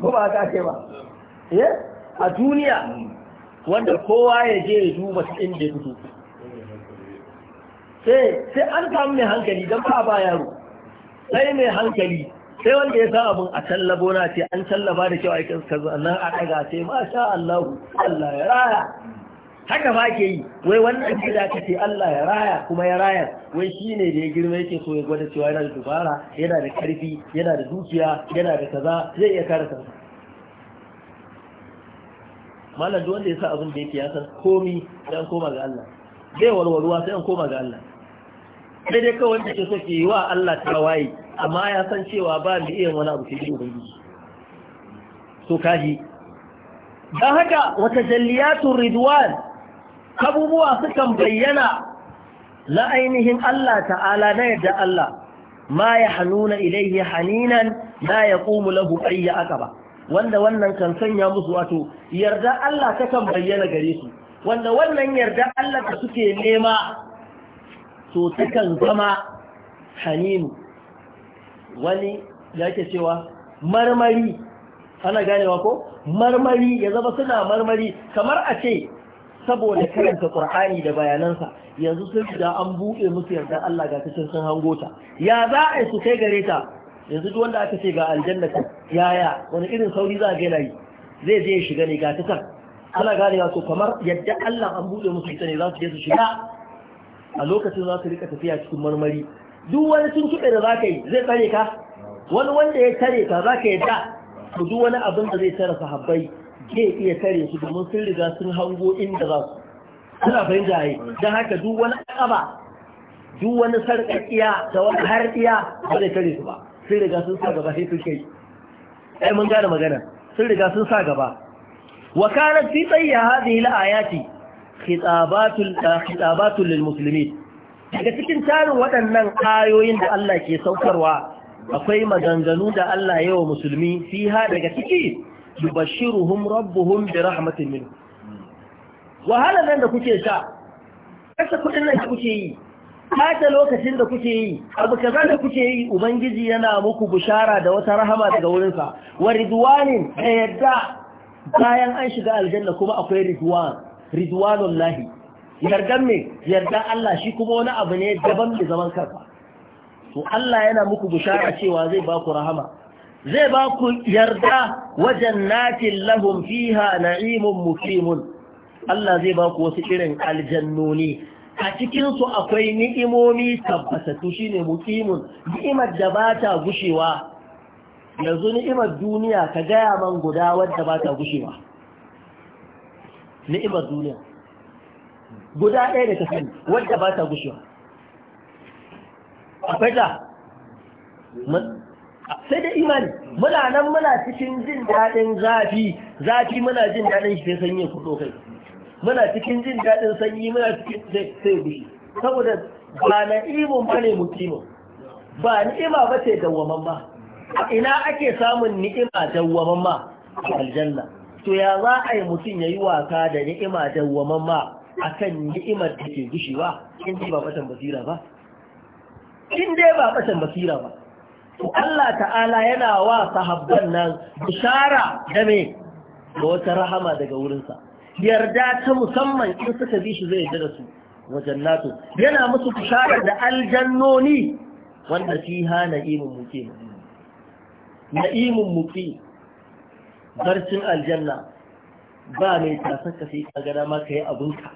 ko ba ka ce ba eh, a duniya wanda kowa ya je ya duba inda ya fito eh, sai an samu mai hankali don ba ba yaro sai mai hankali sai wanda ya sa abin a tallabo na ce an tallaba da kyau aikin ka nan a daga ce ma sha Allah Allah ya raya haka ba ke yi wai wannan ce da ce Allah ya raya kuma ya raya wai shi ne da ya girma yake so ya gwada cewa yana da dubara yana da karfi yana da dukiya yana da kaza zai iya kare kansa malam duk wanda ya sa abin da yake ya san komi dan koma ga Allah zai walwaluwa sai an koma ga Allah sai dai kawai da ke so ke yi wa Allah tawaye amma ya san cewa ba mu iya wani abu cikin yi. so kaji don haka wata jalliyatun ridwan abubuwa sukan bayyana na ainihin Allah ta'ala na yadda Allah ma ya hannuna ilaihi haninan na ya lahu ƙayya aka ba wanda wannan kan sanya musu wato yarda Allah ta kan bayyana gare su wanda wannan yarda Allah da suke nema to takan zama haninu wani da ake cewa marmari ana ganewa ko marmari ya zama suna marmari kamar a ce saboda karanta ƙur'ani da bayanansa yanzu sun da an buɗe musu yarda Allah ga cikin sun hango ta ya za a su kai gare ta yanzu duk wanda aka ce ga aljannata yaya wani irin sauri za a gina yi zai je shiga ne ga ta ana ganewa to kamar yadda Allah an buɗe musu ita ne za su je su shiga a lokacin za su rika tafiya cikin marmari duk wani tuntuɓe da za ka yi zai tsare ka wani wanda ya tare ka za ka yadda to duk wani abin da zai tara sahabbai zai iya tare su domin sun riga sun hango inda za su suna fahimta jaye don haka duk wani ƙaba duk wani sarƙaƙiya da wani harƙiya ba zai tare su ba sun riga sun sa gaba sai sun kai ai mun gane magana sun riga sun sa gaba wa kana fi tsayya hadhihi al-ayati Eh, khitabatul lil daga cikin tarin waɗannan ayoyin da Allah ke saukarwa akwai maganganu da Allah yawa musulmi fiha daga ciki yubashiruhum rabbuhum bi rahmatin min wahala nan da kuke sha kasa kudin nan da kuke yi kasa lokacin da kuke yi abu kaza da kuke yi ubangiji yana muku bushara da wata rahama daga sa wa ridwanin da yadda bayan an shiga aljanna kuma akwai ridwan lahi yardan yarda Allah shi kuma wani abu ne daban da zaman karfa to Allah yana muku bishara cewa zai ba ku rahama zai ba ku yarda wajen natin lahum fiha na'imun mukimun Allah zai ba ku wasu irin aljannoni a cikinsu akwai ni'imomi tabbatattu shine mukimun ni'imar da ba ta gushewa yanzu ni'imar duniya ka gaya man guda wadda ba ta gushewa ni'imar duniya guda ɗaya da ta wadda ba ta gushewa akwai ta sai da imani muna nan muna cikin jin daɗin zafi zafi muna jin daɗin shi sai sanyi kuɗo kai muna cikin jin daɗin sanyi muna cikin sai gushi saboda ba na imun ba ne mutumin ba ni'ima ba ce dawwaman ba ina ake samun ni'ima dawwaman ma aljanna to ya za a yi mutum ya yi wasa da ni'ima dawwaman ma a kan ni'imar da ke gushewa in dai ba batan basira ba in dai ba batan basira ba to Allah ta'ala yana wa sahabban nan bishara da me da wata rahama daga wurinsa yarda ta musamman in suka bi shi zai jira su wajen nato yana musu bishara da aljannoni wanda fiha hana muke na'imun muke barcin aljanna ba mai tasaka sai ka gada ma ka yi abinka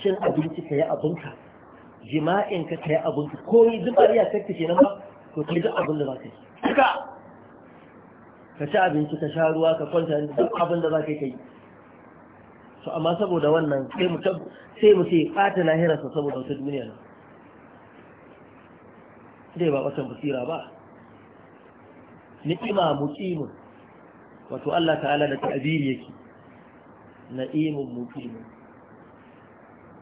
cin abinci ka yi abinka jima'in ka ka yi abinka yi zubar ya kakka ke nan ba to ka yi duk abin da za ka yi duka ka ci abinci ka sha ruwa ka kwanta duk abin da ba ka yi su amma saboda wannan sai mu ce ɓata sa saboda wata duniya nan dai ba watan basira ba ni'ima muqimin wato Allah ta'ala da ta'abiri yake na'imun mutum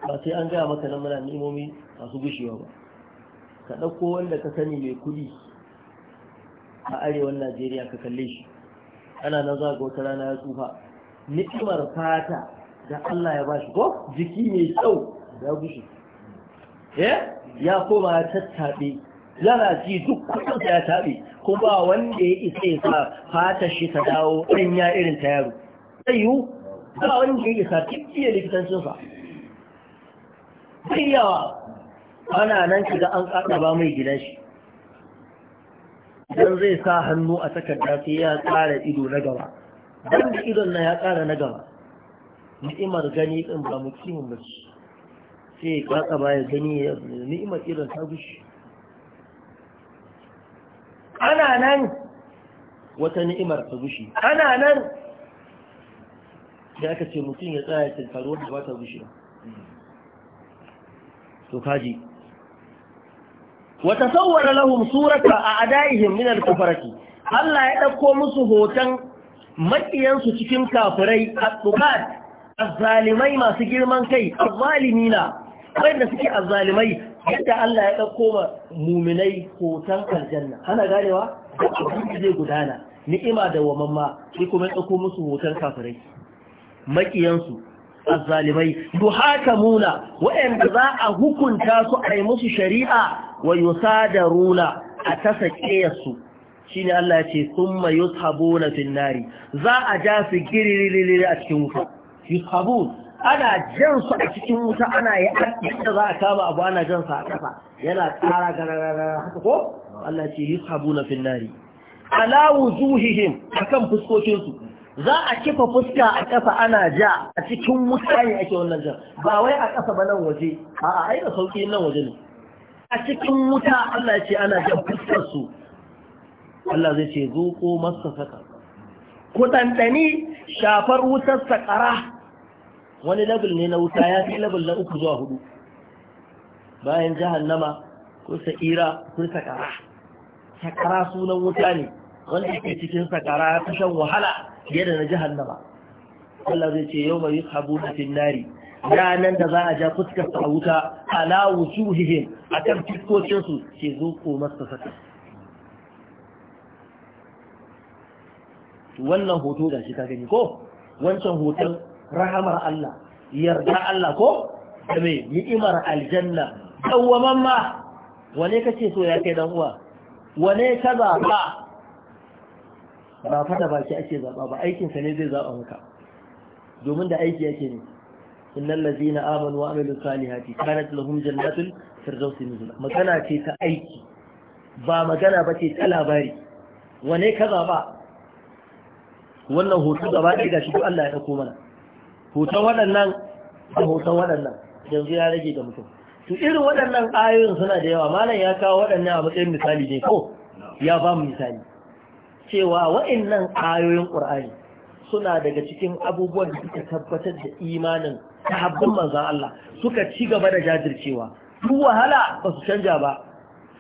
ba sai an gaya maka nan muna ni'imomi masu gushewa ba ka ɗauko wanda ka sani mai kuɗi a arewan Najeriya ka kalle shi ana nan za ga wata rana ya tsufa ni'imar fata da Allah ya bashi ko jiki mai kyau ya gushe eh? ya koma ya tattaɓe yana ji duk kudin ya taɓe ko ba wanda ya isa ya sa fatar shi ta dawo ɗanya irin ta yaro zai yiwu ba wanda ya isa tibbiyar likitancinsa zai yawa ana nan da an ba mai gida shi don zai sa hannu a takarda sai ya tsara ido na gaba don da idon na ya tsara na gaba ni'imar gani ɗin ba kimin ba sai ya ba ya gani ni'imar irin ta gushi ana nan wata ni'imar ta gushi ana nan da aka ce mutum ya tsaya tilfaru wanda ba ta gushi to kaji wata sauwara lahum surata a adaihim min al-kufarati Allah ya dauko musu hoton makiyansu cikin kafirai a tuqat az-zalimai masu girman kai az-zalimina wanda suke az-zalimai yadda Allah ya ɗauko ma muminai hoton aljanna ana ganewa abin zai gudana ni'ima da wamamma shi kuma ya ɗauko musu hoton kafirai makiyansu azzalimai Muna, waɗanda za a hukunta su a yi musu shari'a wa runa, a tasa shi shine Allah ya ce ma yusa fin nari za a ja su giririri a cikin wuta ana jan su a cikin wuta ana yi da za a kama abu ana jan su a ƙasa. yana tsara gararara haka ko Allah ce yi sabu na finnari ala a kan fuskokinsu za a kifa fuska a ƙasa ana ja a cikin wuta ne ake wannan jan ba wai a ƙasa ba nan waje a'a ai da sauki nan waje ne a cikin wuta Allah ce ana jan fuskar su Allah zai ce zo ko masa saka ku dandani shafar wutar sakara wani level ne na wuta ya fi level na uku zuwa hudu bayan jahannama ko sa'ira ko sakara sakara sunan wuta ne wanda ke cikin sakara ya fi shan wahala fiye da na jahannama Allah zai ce yau mai habu na finnari ranar da za a ja fuskar a wuta ala wujuhihim a kan fiskocinsu ke zo ko masa saka wannan hoto da shi ka gani ko wancan hoton rahamar Allah yarda Allah ko da me ni'imar aljanna dawwaman ma wane kace so ya kai dan uwa wane ka zaba ba fata baki ake zaba ba aikin sa ne zai zaba maka domin da aiki yake ne innal ladina amanu wa amilu salihati kanat lahum jannatul firdausi nuzula magana ce ta aiki ba magana ba ce ta labari wane ka zaba wannan hoto gaba ɗaya ga shi Allah ya ɗauko mana hutan waɗannan da hutan waɗannan yanzu ya rage da mutum to irin waɗannan ayoyin suna da yawa malam ya kawo waɗannan a matsayin misali ne ko ya ba mu misali cewa waɗannan ayoyin ƙur'ani suna daga cikin abubuwan da suka tabbatar da imanin sahabbin manzan Allah suka ci gaba da jajircewa duk wahala ba su canja ba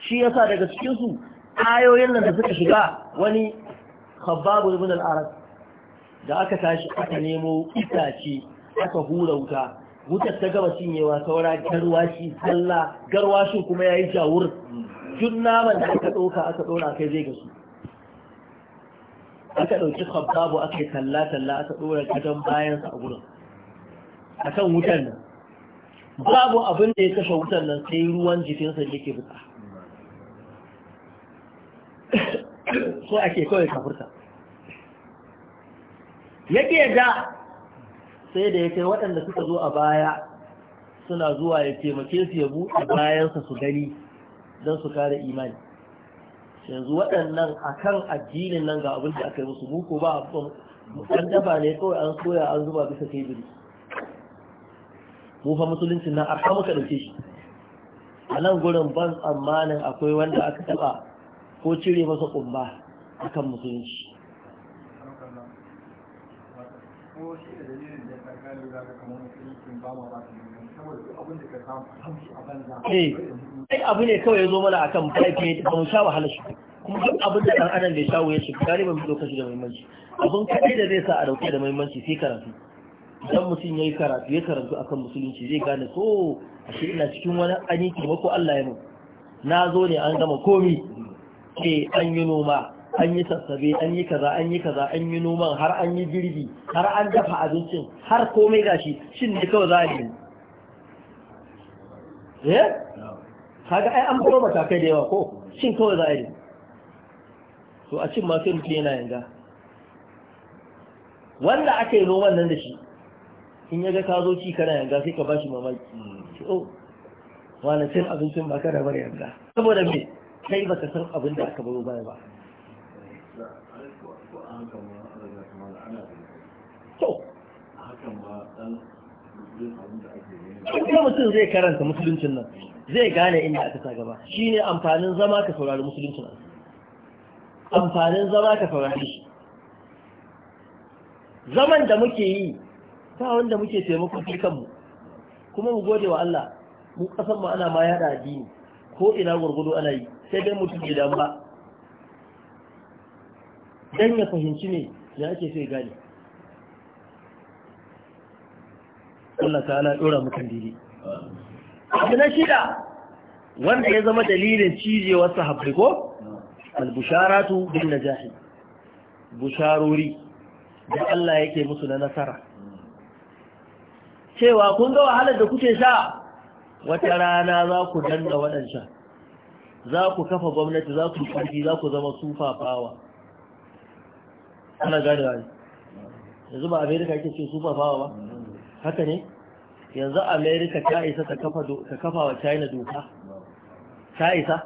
shi yasa daga cikin su ayoyin nan da suka shiga wani khabbab ibn al-arab da aka tashi aka nemo itace aka hura wuta wutar ta gaba cinyewa saura zalla garwa shi kuma ya yi jawur jun naman da aka ɗauka aka ɗora kai zai gasu aka ɗauki khabbabu aka yi talla-talla aka ɗora gadon bayansa a gurin a kan wutan nan babu abin da ya kashe wutan nan sai ruwan jikinsa da yake buta *coughs* so ake kawai kafurta yake da sai da ya kai waɗanda suka zo a baya suna zuwa ya taimake su ya buɗe bayansa su gani don su kare imani yanzu waɗannan kan addinin nan ga abin da aka yi musu muku ba a an dafa ne kawai an soya an zuba bisa teburi mufa musulunci na nan muka ɗauke shi a nan gurin ban tsammanin akwai wanda aka taɓa ko cire masa ƙumba akan musulunci ko shi da dalilin da ka kai da ka kamar mutum ba ma ba saboda duk abin da ka samu kamshi a banza eh sai abu ne kawai ya zo mana akan baifin ba mu sha wahala shi kuma duk abin da dan adam bai sha wuya shi galiban bai lokaci da muhimmanci abin kadai da zai sa a dauke da muhimmanci sai karatu idan mutum ya yi karatu ya karatu akan musulunci zai gane so oh, ashe ina cikin wani an yi taimako Allah ya mu na zo ne an gama komi ke eh, an yi noma an yi sassabe an yi kaza an yi kaza an yi noman har an yi girbi har an dafa abincin har komai gashi shin ne kawai za a yi eh kaga ai an fara matakai da yawa ko shin kawai za a yi to a cin ma mutum yana yanga wanda aka yi noman nan da shi in ya ga ka zo ci kana yanga sai ka bashi mamaki hmm. oh wani cin abincin ba ka da bar yanga saboda me kai baka san abin da aka baro baya ba to Kuma mutum zai karanta musuluncin nan zai gane inda aka sa gaba shi ne amfanin zama ka saurari musuluncin nan amfanin zama ka saurari shi zaman da muke yi ta wanda muke taimakon kanmu kuma mu gode wa Allah mu kasanmu mu ana ma yada addini ko ina gurgudu ana yi sai dai mutum ke damu ba don ya fahimci ne ya ake sai gane Allah ta'ala ɗora mukan dili abu na shida wanda ya zama dalilin cijewar sahabbai ko albusharatu bin najahi busharori da Allah yake musu na nasara cewa kun ga wahalar da kuke sha wata rana za ku danna waɗancan za ku kafa gwamnati za ku ƙarfi za ku zama sufafawa ana gane wani yanzu ba amerika yake ce su fafawa ba haka ne yanzu amerika ta isa ta kafa wa china doka ta isa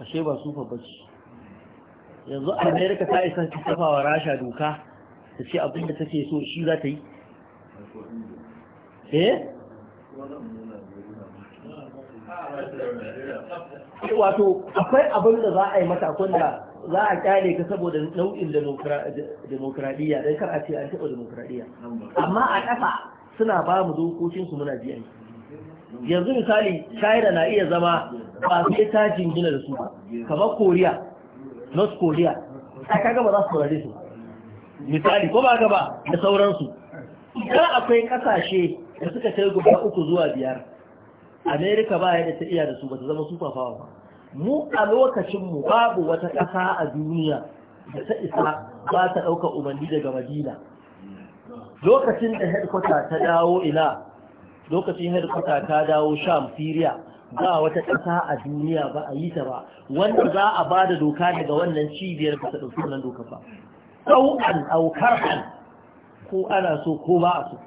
ashe ba super bace yanzu amerika ta isa ta kafa wa rasha doka ta ce abinda take so shi za ta yi eh wato akwai abin da za a yi mata kunda za a kyale ka saboda nau'in demokradiyya don kar a ce an taɓa demokradiyya amma a ƙasa suna ba mu dokokinsu muna biyan yanzu misali china na iya zama ba sai ta jingina da su ba kamar korea north korea a kaga ba za su saurare su misali ko ba gaba da sauransu idan akwai ƙasashe da suka kai guda uku zuwa biyar Amerika ba ya da ta iya da su ba ta zama super power ba mu a lokacinmu babu wata ƙasa a duniya da ta isa ba ta ɗauka umarni daga madina lokacin da headquarter ta dawo ina lokacin headquarter ta dawo sham syria ba wata ƙasa a duniya ba a yi ta ba wanda za a ba da doka daga wannan cibiyar ba ta ɗauki wannan doka ba sau'an aukar ko ana so ko ba a so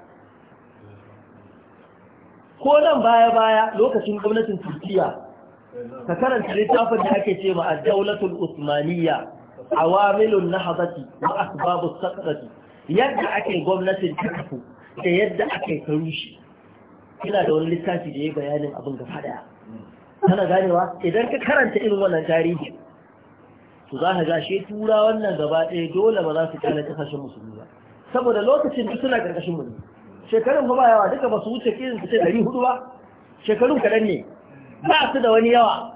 ko nan baya-baya lokacin gwamnatin turkiya ka karanta littafin da ake ce ma a daulatul usmaniyya awamilun nahadati wa asbabus saqrati yadda ake gwamnatin ta kafu da yadda ake ta rushe da wani littafi da ya bayanin abin gaba daya kana ganewa idan ka karanta irin wannan tarihi to za ka gashe tura wannan gaba ɗaya dole ba za su kyale kasashen musulmi ba saboda lokacin duk suna ƙarƙashin mu shekarun ba yawa duka ba su wuce kiran su ce ɗari hudu ba shekarun kaɗan ne ba su da wani yawa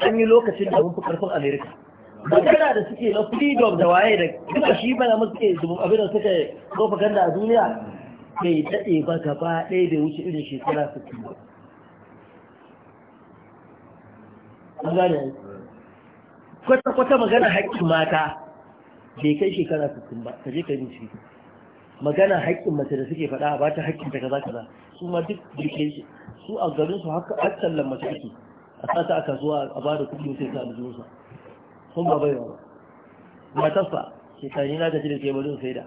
an yi lokacin da mun fi karfin amerika magana da suke na freedom da waye da duka shi bana da muke zubin abin da suka propaganda a duniya bai daɗe ba gaba ɗaya bai wuce irin shekara su ba kwata-kwata magana haƙƙin mata bai kai shekara 60 ba ka je ka yi ciki magana haƙƙin mace da suke faɗa a ta haƙƙin ta kaza kaza su ma duk shi su a garin su haka aksallan mace ake a sata aka kasuwa a ba da kuɗi sai ta aljihunsa sun ba baiwa ba matarsa shekari na gaji da ke bari sai da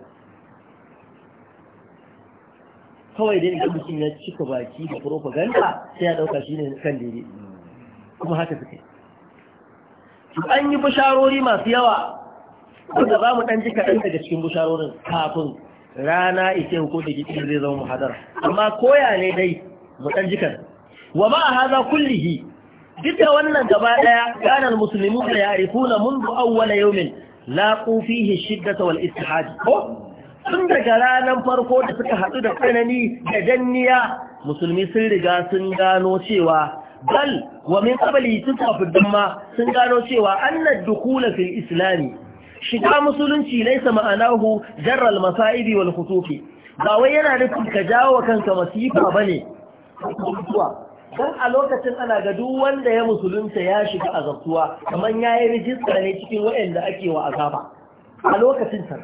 kawai dai idan mutum ya cika baki da propaganda sai ya ɗauka shi ne kan daidai kuma haka suke an yi bisharori masu yawa wanda za mu ɗan ji kaɗan daga cikin bisharorin kafin rana ita hukunta kitin zai zama muhadara amma koya ne dai mu jikan wa ma hadha kullihi duk da wannan gaba daya kana musulmi da mundu منذ awwal yawmin laqu fihi shiddata wal istihad ko tun daga ranar farko da suka hadu da tsanani da danniya musulmi sun riga sun gano cewa bal wa min qabli tun kafin ma sun gano cewa annad dukula fil islami shiga musulunci laisa ma'anahu jarral masa'ibi wal khutufi ba wai yana nufin ka jawo kanka masifa bane dan a lokacin ana ga duk wanda ya musulunta ya shiga azabtuwa kamar yayi rijista ne cikin waɗanda ake wa azaba a lokacin sa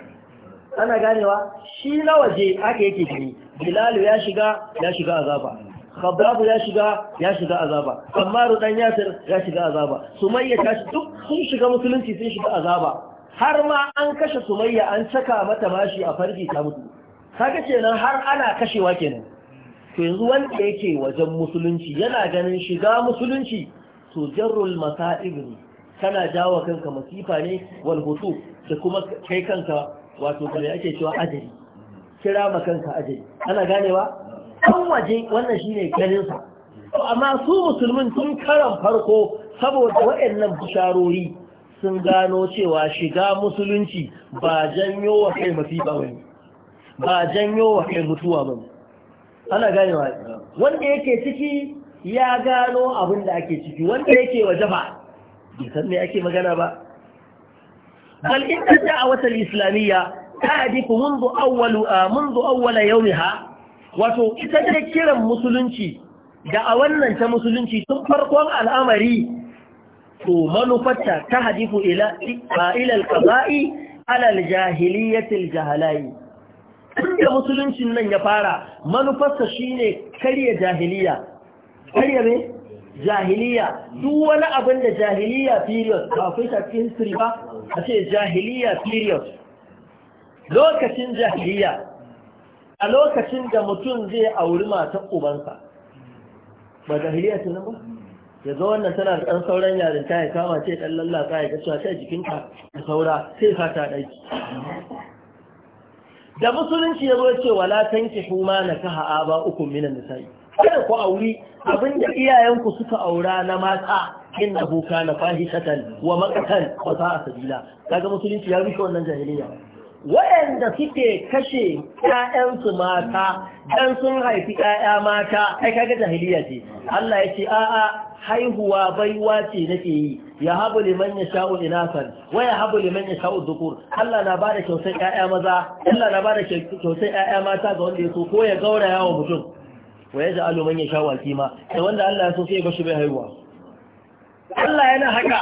ana ganewa shi na waje aka yake gini Bilal ya shiga ya shiga azaba khabbab ya shiga ya shiga azaba Ammaru dan yasir ya shiga azaba sumayya ta duk sun shiga musulunci sun shiga azaba har ma an kashe sumayya an saka mata mashi a farji ta mutu kaga kenan har ana kashewa kenan to yanzu wanda yake wajen musulunci yana ganin shiga musulunci to jarrul masa'ib ne kana jawo kanka masifa ne wal hutu da kuma kai kanka wato da ake cewa ajali kira ma kanka ajali ana ganewa an waje wannan shine ganin sa to amma su musulmin tun karan farko saboda waɗannan bisharori sun gano cewa shiga musulunci ba janyo wa kai masifa bane ba janyo wa kai mutuwa ba. ana gane wa wanda yake ciki ya gano abin da ake ciki wanda yake waje ba bai san me ake magana ba bal inda da'awat al-islamiyya ta'difu منذ awwal منذ awwal yawmiha wato ita da kiran musulunci da a wannan ta musulunci tun farkon al'amari to manufarta ta hadifu ila ilal qaba'i ala aljahiliyatil jahalai da musuluncin nan ya fara manufarsa shine karya jahiliya karya ne jahiliya duk wani abin da jahiliya period kafin ta history ba a ce jahiliya period lokacin jahiliya a lokacin da mutum zai auri mata ubansa ba jahiliya ce nan ba ya zo wannan tana da ɗan sauran yarin ta ya kama ce ɗan lallaka ya gasuwa ta jikinta da saura sai fata ɗaki da musulunci ya zo ce wala ki huma na kaha ba uku minan da sai kada ku auri abinda iyayenku suka aura na mata inna buka na fahishatan wa makatan wata a sabila kaga musulunci ya rushe wannan jahiliya wayanda suke kashe ƴaƴansu mata don sun haifi ƴaƴa mata ai kaga jahiliya ce Allah ya ce a'a haihuwa baiwa ce nake yi ya habu liman ya sha'u inasan wa ya habu liman ya sha'u dhukur Allah na bada kyautar ƴaƴa maza Allah na bada kyautar ƴaƴa mata ga wanda ya so ko ya gauraya wa mutum wa ya ja'alu man ya sha'u kima da wanda Allah ya so sai ya bashi bai haihuwa Allah yana haka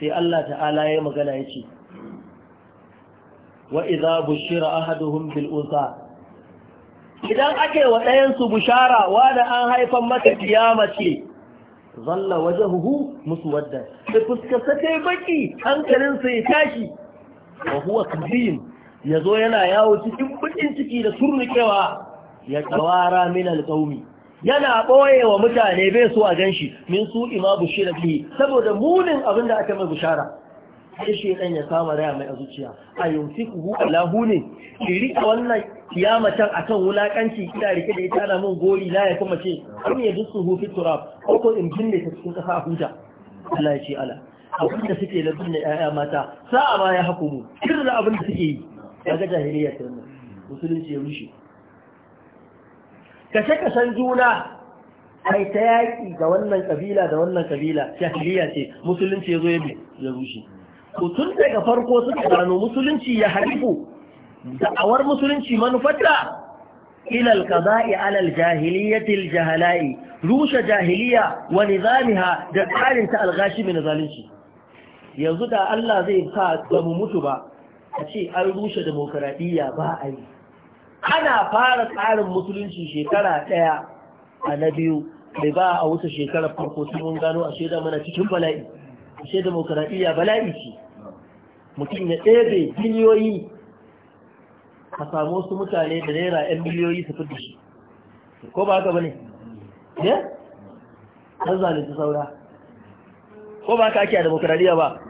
sai Allah ta'ala ya magana ya ce wa idza bushira ahaduhum bil unsa idan ake wa ɗayan su bushara wa da an haifan mata kiyamace zalla wajhuhu muswadda sai fuskarsa ta baki hankalin sa ya tashi wa huwa kadhim yazo yana yawo cikin bakin ciki da surnukewa ya tawara min alqaumi yana ɓoye wa mutane bai su a gan shi min su ima bushira fi saboda munin abinda ake aka mai bushara sai shi ya samu raya mai a zuciya a yunfiquhu alahu ne shi rika wannan kiyamatan kan wulakanci ina rike da ita na mun gori na ya kuma ce an ya dusu hu fi turab ko ko in binne ta cikin kasa huta Allah ya ce ala abin da suke da binne ƴaƴa mata sa'a ma ya hakumu kirda abin da suke yi daga jahiliya ta nan, musulunci ya rushe kashe kashen juna kai ta yaƙi ga wannan kabila da wannan kabila jahiliya ce musulunci ya zo ya rushe to tun daga farko suka gano musulunci ya haifu. da'awar musulunci manufarta ilal qada'i alal jahiliyatil jahala'i rushe jahiliya wa nizamiha da tsarin ta algashi min zalunci yanzu da Allah zai sa da mu mutu ba a ce an rushe demokradiyya ba a yi ana fara tsarin musulunci shekara ɗaya a na biyu bai ba a wuce shekarar farko sun gano a shaida mana cikin bala'i ashe demokaradiyya bala'i ce mutum ya ɗebe biliyoyi a samu wasu mutane da naira 'yan biliyoyi su fi shi ko ba haka ba ne? ya? ɗan zalinta saura ko ba haka ake a demokaradiyya ba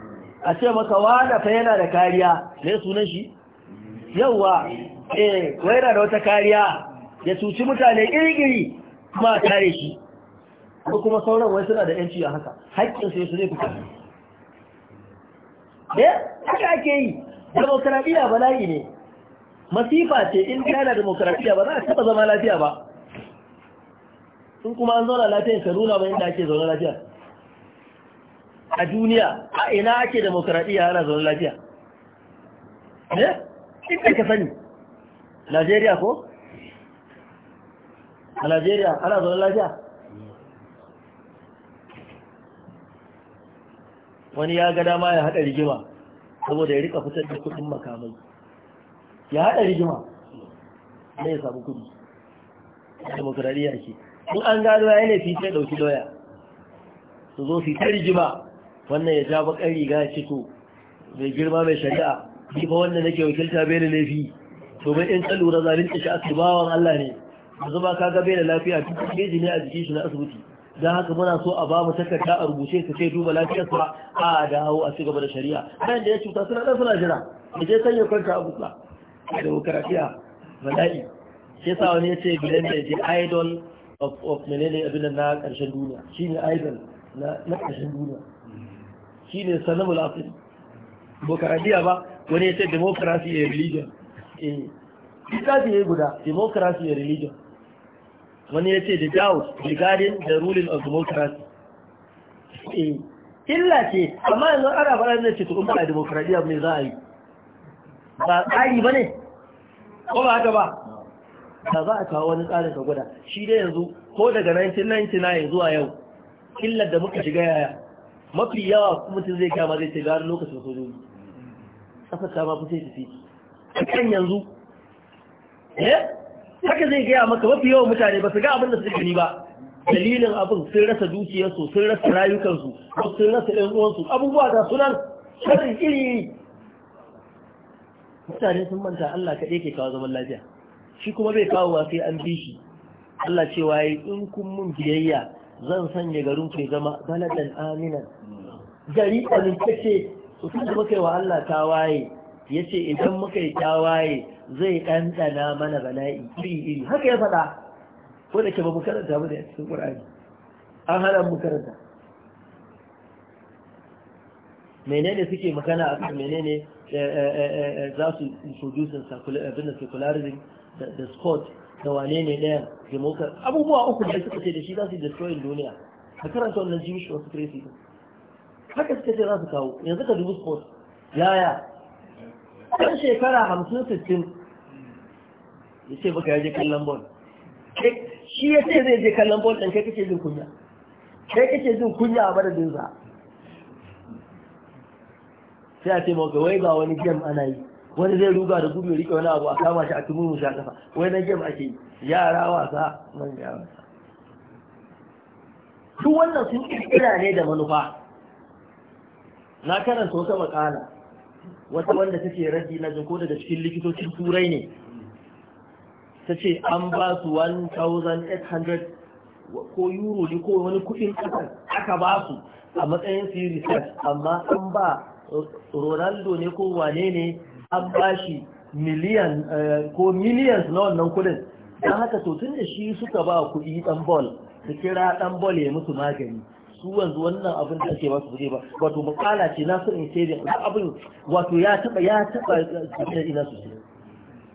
a ce maka wada fa yana da kariya ne sunan shi yauwa eh waira da wata kariya ya cuci mutane ƙirƙiri kuma a kare shi ko kuma sauran wai suna da yanci a haka haƙƙinsu su zai fita da eh, haka ake yi demokradiyya bala'i ne masifa ce in kana demokradiyya ba za a taba zama lafiya ba sun kuma an zauna lafiyan ka nuna ba inda ake zaune lafiya a duniya a ina ake demokradiyya ana zaune lafiya ne eh, inda ka sani Najeriya ko? A Najeriya ana zaune lafiya? wani ya ga dama ya haɗa rigima saboda ya rika fitar da kuɗin makamai ya haɗa rigima ne ya samu kuɗi demokradiyya ce in an gado ya ne fitar ɗauki doya su zo fitar rigima wannan ya ja bakar riga ya ciko mai girma mai shari'a ni fa wannan nake wakilta bai da laifi to bai in ka lura zalunta shi asibawan Allah ne yanzu ba ka ga bai da lafiya duk ne a jikin shi na asibiti don haka muna so a ba mu takarda a rubuce su sai duba lafiyar sa a dawo a cigaba da shari'a bayan da ya cuta suna ɗan suna jira da je sanya kwanta a buka a demokaratiya bala'i shi sa wani ya ce bilen da je idol of of menene abin na karshen duniya shine idol na karshen duniya shine sanamu afirka demokaratiya ba wani ya ce demokarasi religion eh littafi ya guda demokarasi religion wani ya ce the doubt regarding the ruling of democracy eh, illa ce amma yanzu ana faɗa da ce to umma a demokradiyya mai za a yi ba tsari ba ne ko ba haka ba Ba za a kawo wani tsarin ka gwada shi dai yanzu ko daga 1999 zuwa yau illar da muka shiga yaya mafi yawa mutum zai kama zai ce ga lokacin sojoji kasa kama fi sai tafi kan yanzu eh haka zai gaya maka mafi yawan mutane ba su ga abin da su gani ba dalilin abin sun rasa dukiyarsu sun rasa rayukansu sun rasa ɗan uwansu abubuwa ta sunan shirin iri mutane sun manta Allah kaɗai ke kawo zaman lafiya shi kuma bai kawo wa sai an bi shi Allah cewa yi in kun mun biyayya zan sanya garin ku zama baladan aminan gari amintacce su sun da wa Allah ta waye ya ce idan muka yi tawaye zai ɗanɗana mana bala'i iri iri haka ya faɗa ko da ke ba mu karanta ba da cikin ƙur'ani an hana mu karanta menene suke magana kan? menene eh, eh, eh, za su introduce abin da secularism da scott da wane ne ɗaya democrat abubuwa uku da suka ce da shi za su destroyin duniya a karanta wannan jewish wasu crazy haka suka ce za su kawo yanzu ka dubu scott yaya ɗan shekara hamsin sittin ya ce baka ya je kallon bol shi ya ce zai je kallon bol ɗan kai kake jin kunya kai kake jin kunya a madadin sa sai a ce maka wai ba wani gem ana yi wani zai ruga da gudu ya rike wani abu a kama shi a tumuru shi a kafa wai na gem ake yara wasa manya wasa duk wannan sun kirkira ne da manufa na karanta wata makala wata wanda take raddi na ko daga cikin likitocin turai ne ta ce an ba su 1,800 ko euro ne ko wani kudin kasar aka ba su a matsayin su amma an ba ronaldo ne ko wane ne an ba shi miliyan eh, ko millions na wannan kudin don haka to tun da shi suka ba kuɗi ɗan bol su kira ɗan bol ya musu magani su wanzu wannan abin da ake basu buje ba wato makala ce na sun ince da abin wato ya taba ya taba da ina su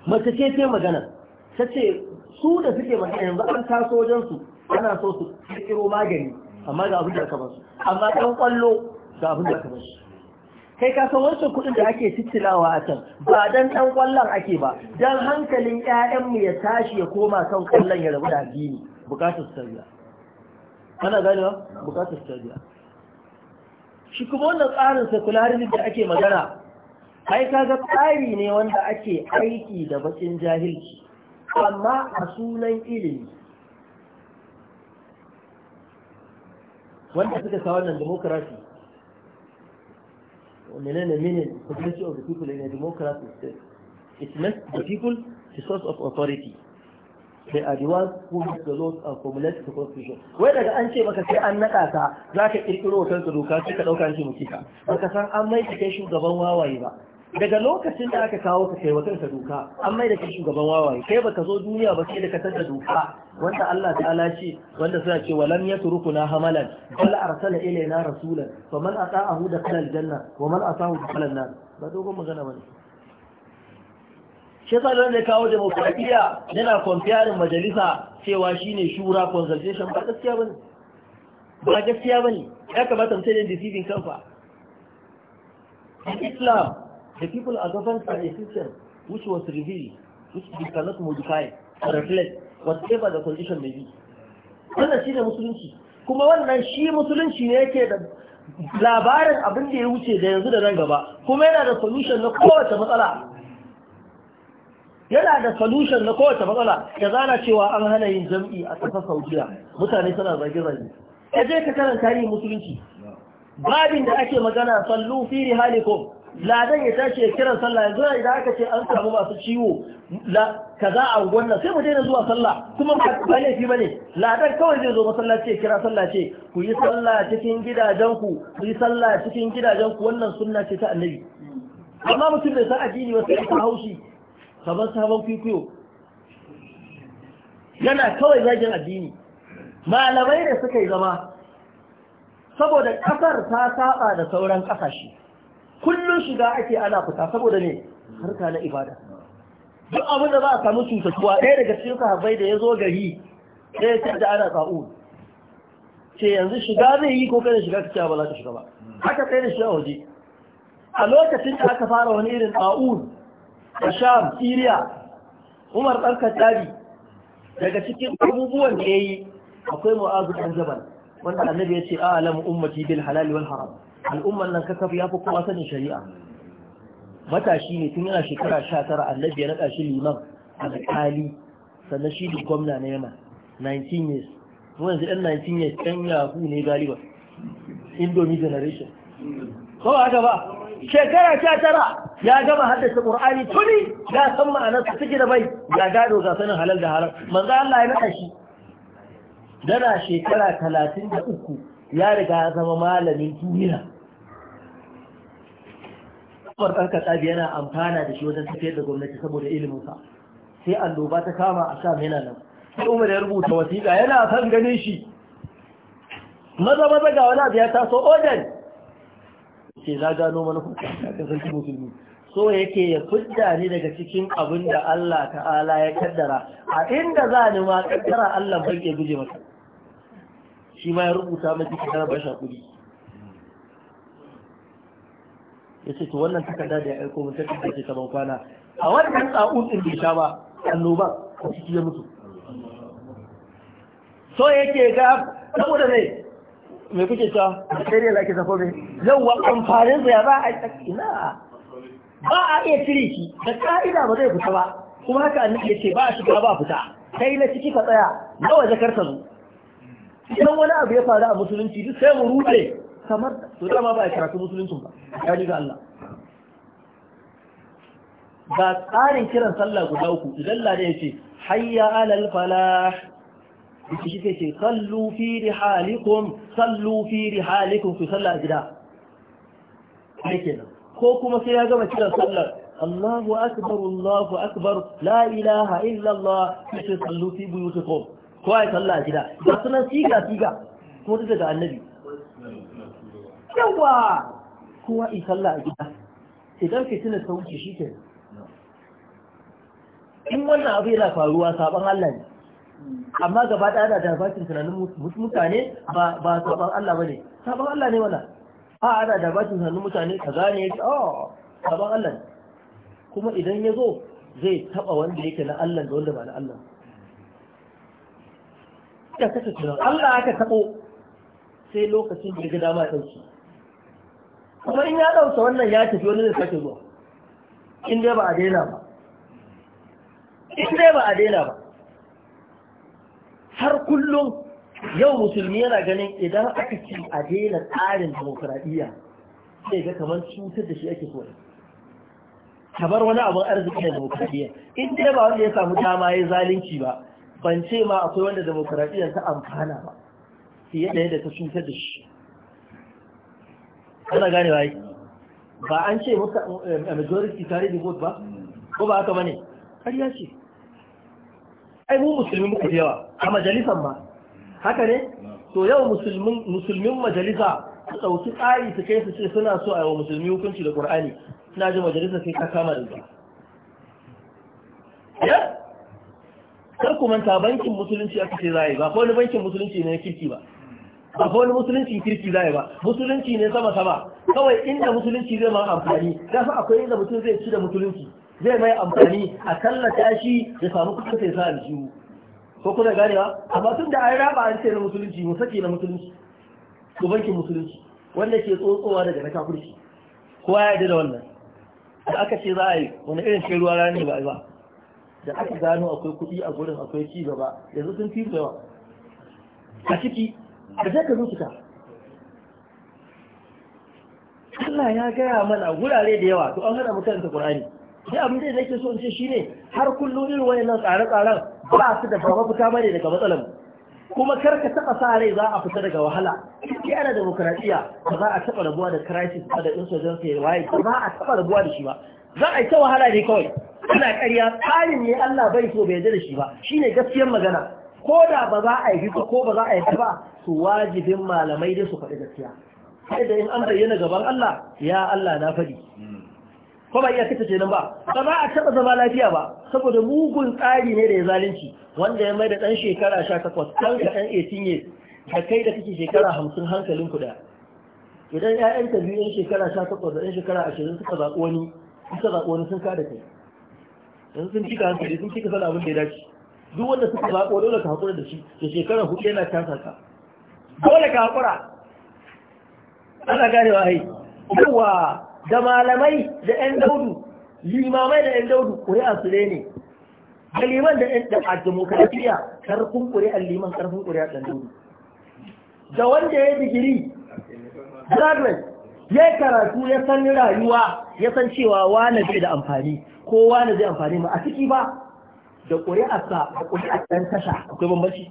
mace ce ce magana ta ce su da suke magana yanzu an taso wajen su ana so su kirkiro magani amma ga abin da aka basu amma dan kwallo ga abin da aka basu kai ka san wancan kuɗin da ake tittilawa a can ba dan dan kwallon ake ba dan hankalin ƴaƴanmu ya tashi ya koma kan kwallon ya rabu da addini bukatar sarriya ana ganewa bukatar ta biya shi kuma wannan tsarin secularism da ake magana ai kaga tsari ne wanda ake aiki da bakin jahilci amma a sunan ilimi wanda suka sa wannan democracy menene ne population of the people in a democracy state it's not the people the source of authority they are the ones da make the formulate the constitution wai daga an ce maka sai an naɗa ka za ka ƙirƙiro wa doka sai ka ɗauka shi mutuka baka san an mai kai shugaban wawaye ba daga lokacin da aka kawo ka kai wa doka an mai da kai shugaban wawaye kai baka zo duniya ba sai da ka da doka wanda Allah ta'ala ce wanda suna ce walam yatrukuna hamalan bal arsala ilayna rasulan faman ata'ahu dakhala aljanna wa man ata'ahu dakhala an-nar ba dogon magana bane shi yasa da ne kawo demokradiyya yana kwamfiyarin majalisa cewa shine shura consultation ba gaskiya ne ba gaskiya ne ya kamata mutum ne deceiving kanfa in islam the people are governed by a system which was revealed which we cannot modify or reflect whatever the condition may be wannan shi ne musulunci kuma wannan shi musulunci ne yake da labarin abin da ya wuce da yanzu da nan gaba kuma yana da solution na kowace matsala yana da solution na kowace matsala ya zana cewa an hana yin jam'i a ƙasar saudiya mutane suna zage-zage ka je ka karanta yin musulunci babin da ake magana sallu fi rihalikum ladan ya tashi kiran sallah yanzu idan aka ce an samu masu ciwo kaza a wannan sai mu daina zuwa sallah kuma ba laifi bane ladan kawai zai zo masallaci ya kira sallah ce ku yi sallah cikin gidajen ku yi sallah cikin gidajenku wannan sunna ce ta annabi amma mutum bai san addini wasu ta haushi kamar sabon kwikwiyo yana kawai zagin addini malamai da suka yi zama saboda kasar ta saba da sauran ƙasashe kullum shiga ake ana fita saboda ne harka na ibada duk abin da za a samu cutattuwa ɗaya daga cikin sahabbai da ya zo gari ɗaya ce da ana sa'u ce yanzu shiga zai yi ko kada shiga ta cewa ba za ta shiga ba haka sai da shi a waje a lokacin da aka fara wani irin sa'u da sham siriya umar ɗan kattabi daga cikin abubuwan da ya yi akwai mu'azu ɗan jabal wanda annabi ya ce a alam ummati bil halal wal haram al'umman nan kakafi ya fi kowa sanin shari'a matashi ne tun yana shekara sha tara annabi ya naɗa shi liman alƙali sannan shi ne gwamna na yana 19 years yanzu ɗan 19 years ɗan yahu ne galiba indomie generation ko a haka shekara ta tara ya gama haddasa qur'ani tuni ya san ma'anar su take da bai ya gado ga sanin halal da haram manzo Allah ya naka shi dana shekara talatin da uku ya riga ya zama malamin duniya kamar ɗarka tsabi yana amfana da shi wajen tafiyar da gwamnati saboda iliminsa sai annoba ta kama a sham yana nan sai umar ya rubuta wasiƙa yana san ganin shi maza maza ga wani abu ya taso odan ce na gano manufarka kakan musulmi so yake ya fidda ni daga cikin abin da Allah ta'ala ya kaddara a inda za ni ma kaddara Allah bai ya guje masa shi ma ya rubuta miki kitar basha kudi ya ce to wannan takarda da ya aiko mun takarda ce ta bankwana a wannan tsa'un din bai sha ba annoba a ciki ya mutu so yake ga saboda ne me kuke ta da ake zafo me yawwa amfanin sa ya ba a na? ba a iya cire shi da ka'ida ba zai fita ba kuma haka annabi ya ce ba a shiga ba fita kai na ciki ka tsaya na waje karta zo idan wani abu ya faru a musulunci duk sai mu rute kamar to dama ba a karatu musuluncin ba ya ga Allah ga tsarin kiran sallah guda uku idan lada ya ce hayya alal falah shi ke ce sallu fi rihalikum sallu fi rihalikum Su salla a gida ko kuma sai ya gama kiran sallar Allahu akbar Allahu akbar la ilaha illa Allah sai sallu fi buyutikum ko ai salla a gida ba sunan siga siga ko daga annabi yawa kowa in salla a gida idan fitina ta wuce shi kenan in wannan abu yana faruwa sabon Allah ne amma gaba ɗaya da dabakin tunanin mutane ba saban Allah bane saban Allah ne wala a ana dabakin tunanin mutane ka gane oh saban Allah kuma idan ya zo zai taba wanda yake na Allah da wanda ba na Allah ka kace tunan Allah aka tabo sai lokacin da ga dama ya dauki kuma in ya dauka wannan ya tafi wani zai sake zuwa in dai ba a daina ba in dai ba a daina ba har kullum yau musulmi yana ganin idan aka ce a daina tsarin demokuraɗiyya sai ga kamar cutar da shi ake so kamar wani abin arziki da demokuraɗiyya in dai ba wanda ya samu dama ya zalunci ba ban ce ma akwai wanda demokuraɗiyya ta amfana ba fiye da yadda ta cutar da shi Ana gane ba ba an ce eh, majority tare da vote ba ko ba haka bane har ce ai mu musulmi muku da yawa a majalisan ma haka ne to yau musulmin majalisa su ɗauki tsari su kai su ce suna so a yi wa musulmi hukunci da ƙur'ani suna ji majalisa sai ka kama da zuwa kar ku manta bankin musulunci aka ce za yi ba ko wani bankin musulunci ne kirki ba ba ko wani musulunci kirki za yi ba musulunci ne sama sama kawai inda musulunci zai ma amfani da akwai inda mutum zai ci da musulunci zai mai amfani a tallata shi ya samu kuɗin sai sa aljihu ko kuna ganewa amma tun da an raba an ce na musulunci mu sake na musulunci ku banki musulunci wanda ke tsotsowa daga na kafirci kowa ya yarda da wannan da aka ce za a yi wani irin shi ruwa rani ba ba da aka gano akwai kuɗi a gurin akwai ci gaba yanzu sun fi yawa a ciki a je ka zuciya Allah ya gaya mana wurare da yawa to an hada mu ta Qur'ani sai abin da nake so in ce shine har kullum irin wayannan tsare-tsaren ba su da ba fita bane daga matsalar kuma kar ka taba sa rai za a fita daga wahala sai ana demokradiya ba za a taba rabuwa da crisis ba da insurgency waye ba za a taba rabuwa da shi ba za a yi ta wahala ne kawai ana ƙarya tsarin ne Allah bai so bai yarda da shi ba shine gaskiyar magana ko da ba za a yi ko ba za a yi ba su wajibin malamai dai su faɗi gaskiya sai da in an bayyana gaban Allah ya Allah na faɗi ko ba iya ce nan ba ba za a taba zama lafiya ba saboda mugun tsari ne da ya zalunci wanda ya mai da dan shekara 18 kan ka dan 18 years da kai da kake shekara 50 hankalin ku da idan ƴaƴan ka biyu shekara 18 da ɗan shekara 20 suka zaɓo wani suka zaɓo wani sun ka da kai yanzu sun cika hankali sun cika sana abin da ya dace duk wanda suka zaɓo dole ka haƙura da shi da shekara hudu yana ta ka dole ka haƙura ana ganewa ai yawa da malamai da 'yan daudu limamai da 'yan daudu ƙuri'a su ne liman da 'yan a demokratiya karfin ƙuri'ar liman karfin ƙuri'ar ɗan daudu da wanda ya digiri dragon ya karatu ya san rayuwa ya san cewa wane zai da amfani ko wane zai amfani ma a ciki ba da ƙuri'arsa da ƙuri'ar ɗan tasha akwai bambanci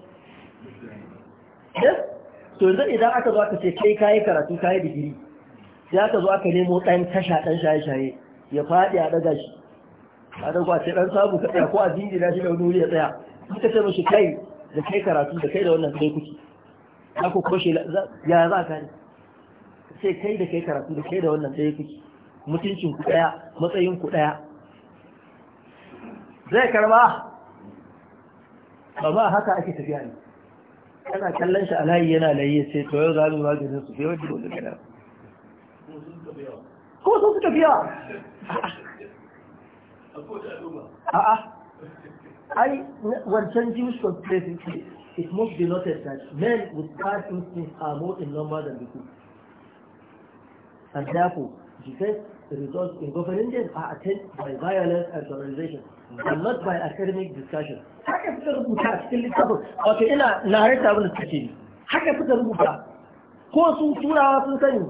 to yanzu idan aka zo aka ce kai kayi karatu kayi digiri sai ta zo aka nemo ɗan tasha ɗan shaye-shaye ya faɗi a ɗaga shi a ɗaga ce ɗan samu ka tsaya ko a jinjina shi da wani wuri ya tsaya suka ce mashi kai da kai karatu da kai da wannan kai kuki. za ku kwashe ya za ka ne sai kai da kai karatu da kai da wannan kai kuki. mutuncin ku ɗaya matsayin ku ɗaya zai karba ba ba haka ake tafiya ne kana kallon shi a layi yana layi sai to yau za mu maganin su bai wajen wani ba. ko sun suka biya a'a ai wancan jewish conspiracy it must be noted that men with bad instincts are more in number than the and therefore defense the results in governing them are attained by violence and terrorization and not by academic discussion haka fita rubuta cikin littafin wato ina na harita abin suke haka fita rubuta ko sun turawa sun sani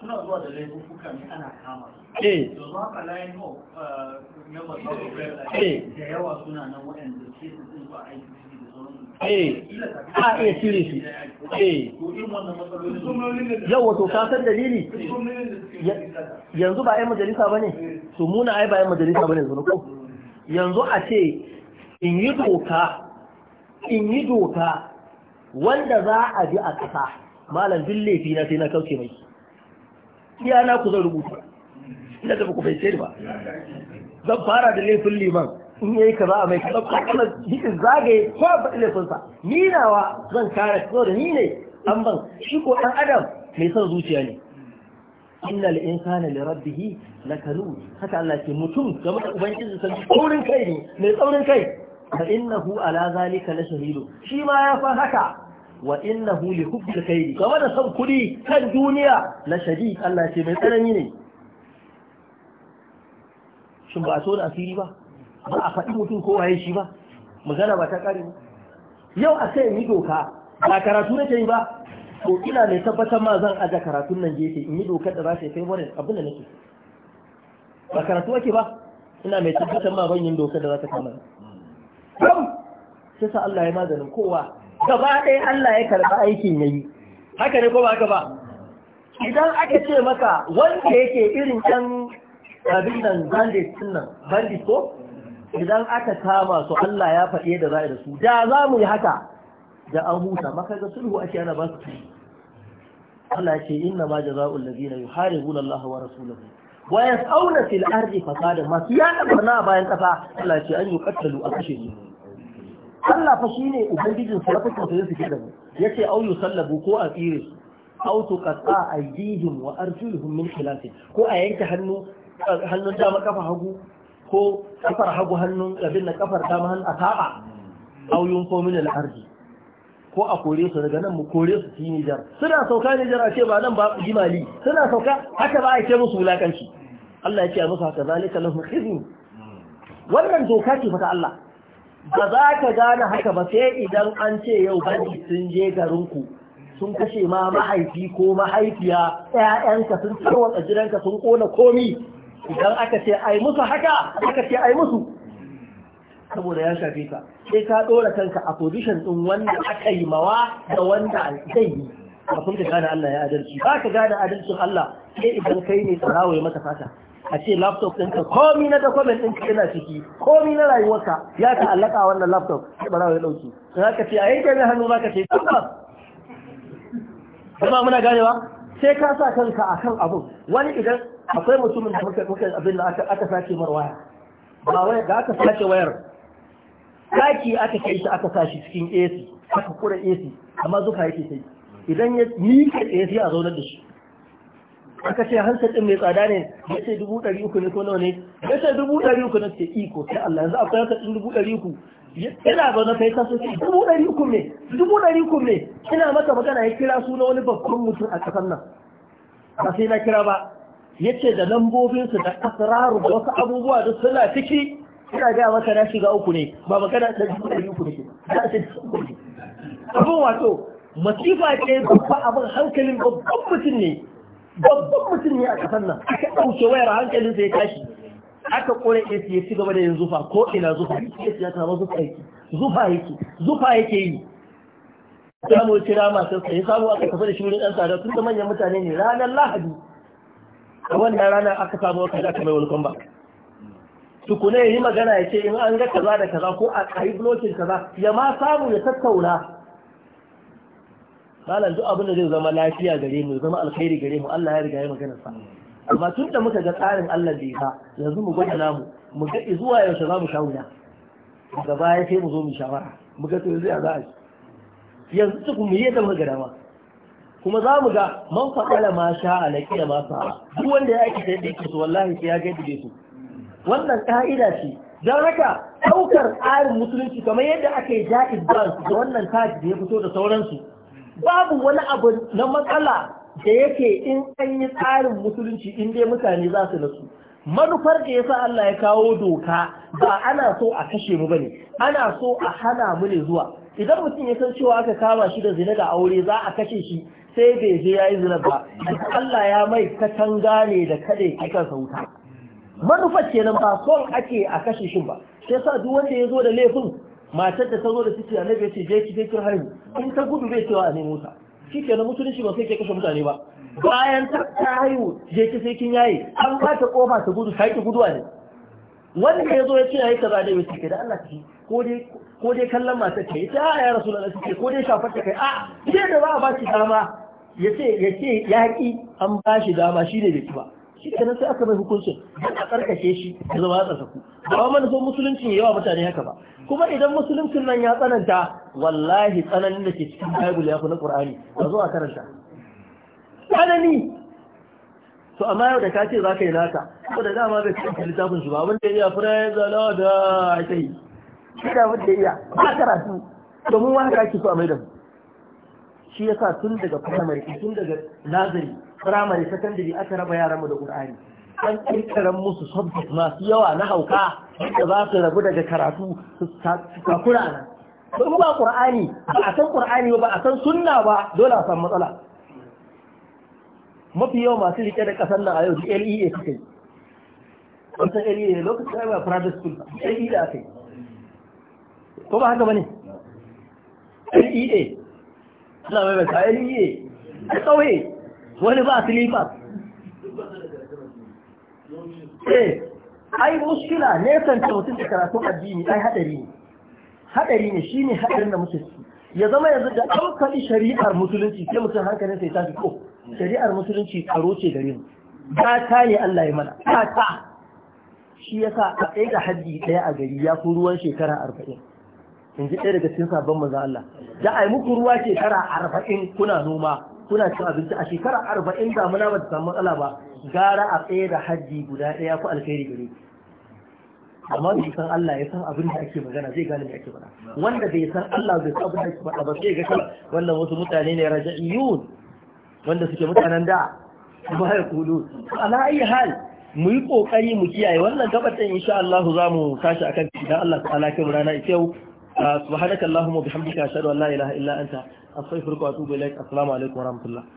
suna zuwa da laifin kuka ne ana kama eh. yanzu haka layin ko na masu da yawa suna nan waɗanda ke su sun ba aiki a iya cire shi yau wato kasar dalili eh. yanzu ba a yan majalisa ba ne su eh. muna ai ba yan majalisa ba ne zunuku yanzu a ce in yi doka in yi doka wanda za a bi a kasa malam duk laifi na sai na kauce mai iya na ku zan rubuta ina da ku bai ni ba zan fara da laifin liman in yayi kaza a mai kaza kuma hikin zagaye ko ba laifinsa ni nawa zan kare ko da ni ne an ban shi ko dan adam mai son zuciya ne inna al-insana li rabbih lakalu haka Allah ke mutum ga ubangiji san tsaurin kai ne mai tsaurin kai fa innahu ala zalika la shahidu shi ma ya fa haka wa innahu li kai ne? game da son kuɗi kan duniya la shadi Allah ce mai tsanani ne shin ba a so da asiri ba ba a faɗi mutum ko waye shi ba magana ba ta ƙare yau a sai mi doka ba karatu nake yi ba to ina mai tabbatar ma zan aja karatun nan gefe in yi dokar da za ta kai wani abin da nake ba karatu ake ba ina mai tabbatar ma ban yin dokar da za ta kama sai sa Allah ya maganin kowa gaba ɗaya Allah ya karɓi aikin ya yi haka ne ko ba ka ba idan aka ce maka wanda yake irin ɗan abin nan bandit din nan bandit ko idan aka kama su Allah ya faɗi da za da su da za mu yi haka da an huta maka ga sulhu ake ana ba su Allah ce inna ma yi hari yuharibuna Allah wa rasulahu wa yas'awna fil ardi fasada masu yana barna bayan ƙasa, Allah ce an yuqtalu a kashe ne Allah fa shine ubangijin sarrafa da suke da mu yace au yusallabu ko a tsire su au tuqatta aydihim wa arjuluhum min khilaf ko a yanke hannu hannun dama kafa hagu ko kafar hagu hannun abin da kafar dama hannun a taba au yunfo min al-ardi ko a kore su daga nan mu kore su shi fi jar. suna sauka jar a ce ba nan ba ji suna sauka haka ba a ce musu wulakanci Allah ya ce a musu haka zalika lahum khizyun wannan doka ce fa ta Allah ba za ka gane haka ba sai idan an ce yau bani sun je garinku sun kashe ma mahaifi ko mahaifiya ƴaƴanka sun a jiranka sun kona komi idan aka ce ai musu haka aka ce ai musu saboda ya shafe ka sai ka ɗora kanka a position ɗin wanda aka yi mawa da wanda zai yi ba kun ka gane Allah ya adalci ba ka gane adalcin Allah sai idan kai ne tsarawa ya mata fata a ce laptop ɗinka komi na document ɗinka yana ciki komi na rayuwarka ya ta'allaka wannan laptop sai ba ya ɗauki za ka ce a yanke mai hannu za ka ce ba muna ganewa sai ka sa kanka a kan abu wani idan akwai mutumin da muka muka abin da aka sace mar waya ba waya da aka sace wayar daki aka kai shi aka sashi cikin AC aka kura AC amma zufa yake sai idan ya mika AC a zaunar da shi aka ce hansa ɗin mai tsada ne ya ce dubu ɗari uku ne ko nawa ne ya ce dubu ɗari uku na ce iko sai Allah yanzu akwai hansa ɗin dubu ɗari uku yana zaune sai kai kasu ce dubu ɗari uku ne dubu ɗari uku ne ina maka magana ya kira suna wani babban mutum a ƙasar nan ba sai na kira ba ya ce da lambobinsu da asraru da wasu abubuwa da suna ciki ina gaya maka na shiga uku ne ba magana da dubu ɗari uku ne za a ce abin wato masifa ce babba abin hankalin babban mutum ne babban mutum ne a ƙasar nan aka ɗauke wayar hankalin ya tashi aka ƙure AC ya ci gaba da yin zufa ko ina zufa AC ya kama zufa yake zufa yake zufa yake yi samu kira masu sai samu aka tafi da shi wurin ɗan tsada tun da manyan mutane ne ranar lahadi a wannan rana aka samu wata da aka mai wani kwamba tukune yi magana ya ce in an ga kaza da kaza ko a kai blokin kaza ya ma samu ya tattauna malam duk abin da zai zama lafiya gare mu zama alkhairi gare mu Allah ya riga ya magana sa amma tun da muka ga tsarin Allah bai ba yanzu mu gwada namu mu ga zuwa yaushe za mu ya daga baya sai mu zo mu shawara mu ga to yanzu ya za a yanzu su mu yi da muka gara ma kuma za mu ga man faɗala ma sha alaƙi da ma sa'a duk wanda ya aiki sai da su wallahi sai ya ga yadda su wannan ka'ida ce don haka ɗaukar tsarin musulunci kamar yadda aka yi ja'iz da wannan tashi da ya fito da sauransu babu wani abu na matsala da yake in an yi tsarin musulunci in dai mutane za su nasu manufar da yasa Allah ya kawo doka ba ana so a kashe mu bane ana so a hana mu ne zuwa idan mutum ya san cewa aka kama shi da zina da aure za a kashe shi sai bai je yi zina ba Allah ya mai katanga ne da kada ki kansa wuta manufar kenan ba son ake a kashe shi ba sai sa duk wanda ya zo da laifin matar da ta zo da ciki annabi ya ce je ki je ki haihu in ta gudu bai cewa a nemo ta shi ke na mutunci ba sai ke kashe mutane ba bayan ta haihu je ki sai kin yaye an ba ta kofa ta gudu sai ki guduwa ne wanda ya zo ya ce yayi kaza da ya ce da Allah ki ko dai ko dai kallon ta yace ta ya rasulullahi ce ko dai shafar ta kai a je da ba a ba ki dama ya ce ya yaki an ba shi dama shi ne da ki ba shi kenan sai aka bai hukuncin a karkashe shi ya zama tsatsaku ba manufan musuluncin yawa mutane haka ba kuma idan musuluncin nan ya tsananta wallahi tsananin da ke cikin bible ya fi na ƙur'ani. ba zuwa karanta tsanani to amma yau da ka ce za ka yi naka ko da dama bai cikin littafin shi ba wanda ya fura ya zala da ake yi shi da wanda ya ba karatu domin wani ka ake so a mai da shi ya sa tun daga firamare tun daga nazari firamare sakandari aka raba yaran mu da ƙur'ani. an ƙirƙirar musu subject masu yawa na hauka da za su rabu daga karatu su takura ba don ba ƙura'ani ba a san ƙura'ani ba a san sunna ba dole a san matsala mafi yawa masu rike da ƙasar nan a yau LEA suka yi wancan LEA lokacin da ba private school LEA aka yi ko ba haka ba ne LEA suna mai mai ka LEA a kauye e wani ba a silipas Eh, ai mushkila ne san ta mutum da karatun addini ai hadari ne hadari ne shine hadarin da muke ci ya zama yanzu da an faɗi shari'ar musulunci sai mutum hankalin sai tafi ko oh, shari'ar musulunci tsaro ce gare mu ta ne Allah ya mana ta shi yasa a ɗaya da haddi ɗaya a gari ya fi ruwan shekara arba'in in ji ɗaya daga cikin sabon maza Allah da ai muku ruwa shekara arba'in kuna noma kuna cin abinci a shekara arba'in damuna ba ta samu matsala ba gara a tsaye da hajji guda ɗaya ko alkhairi gare amma bai san Allah ya san abin da ake magana zai gane me ake faɗa wanda bai san Allah bai san abin da ake faɗa ba sai ga kan wannan wasu mutane ne raja'iyun wanda suke mutanen da ba ya kudu ala ayi hal mu yi kokari mu kiyaye wannan gabatin insha Allah za mu tashi akan idan Allah ta'ala kai mu rana yau subhanakallahumma bihamdika ashhadu an la ilaha illa anta astaghfiruka wa atubu ilaik assalamu alaikum warahmatullahi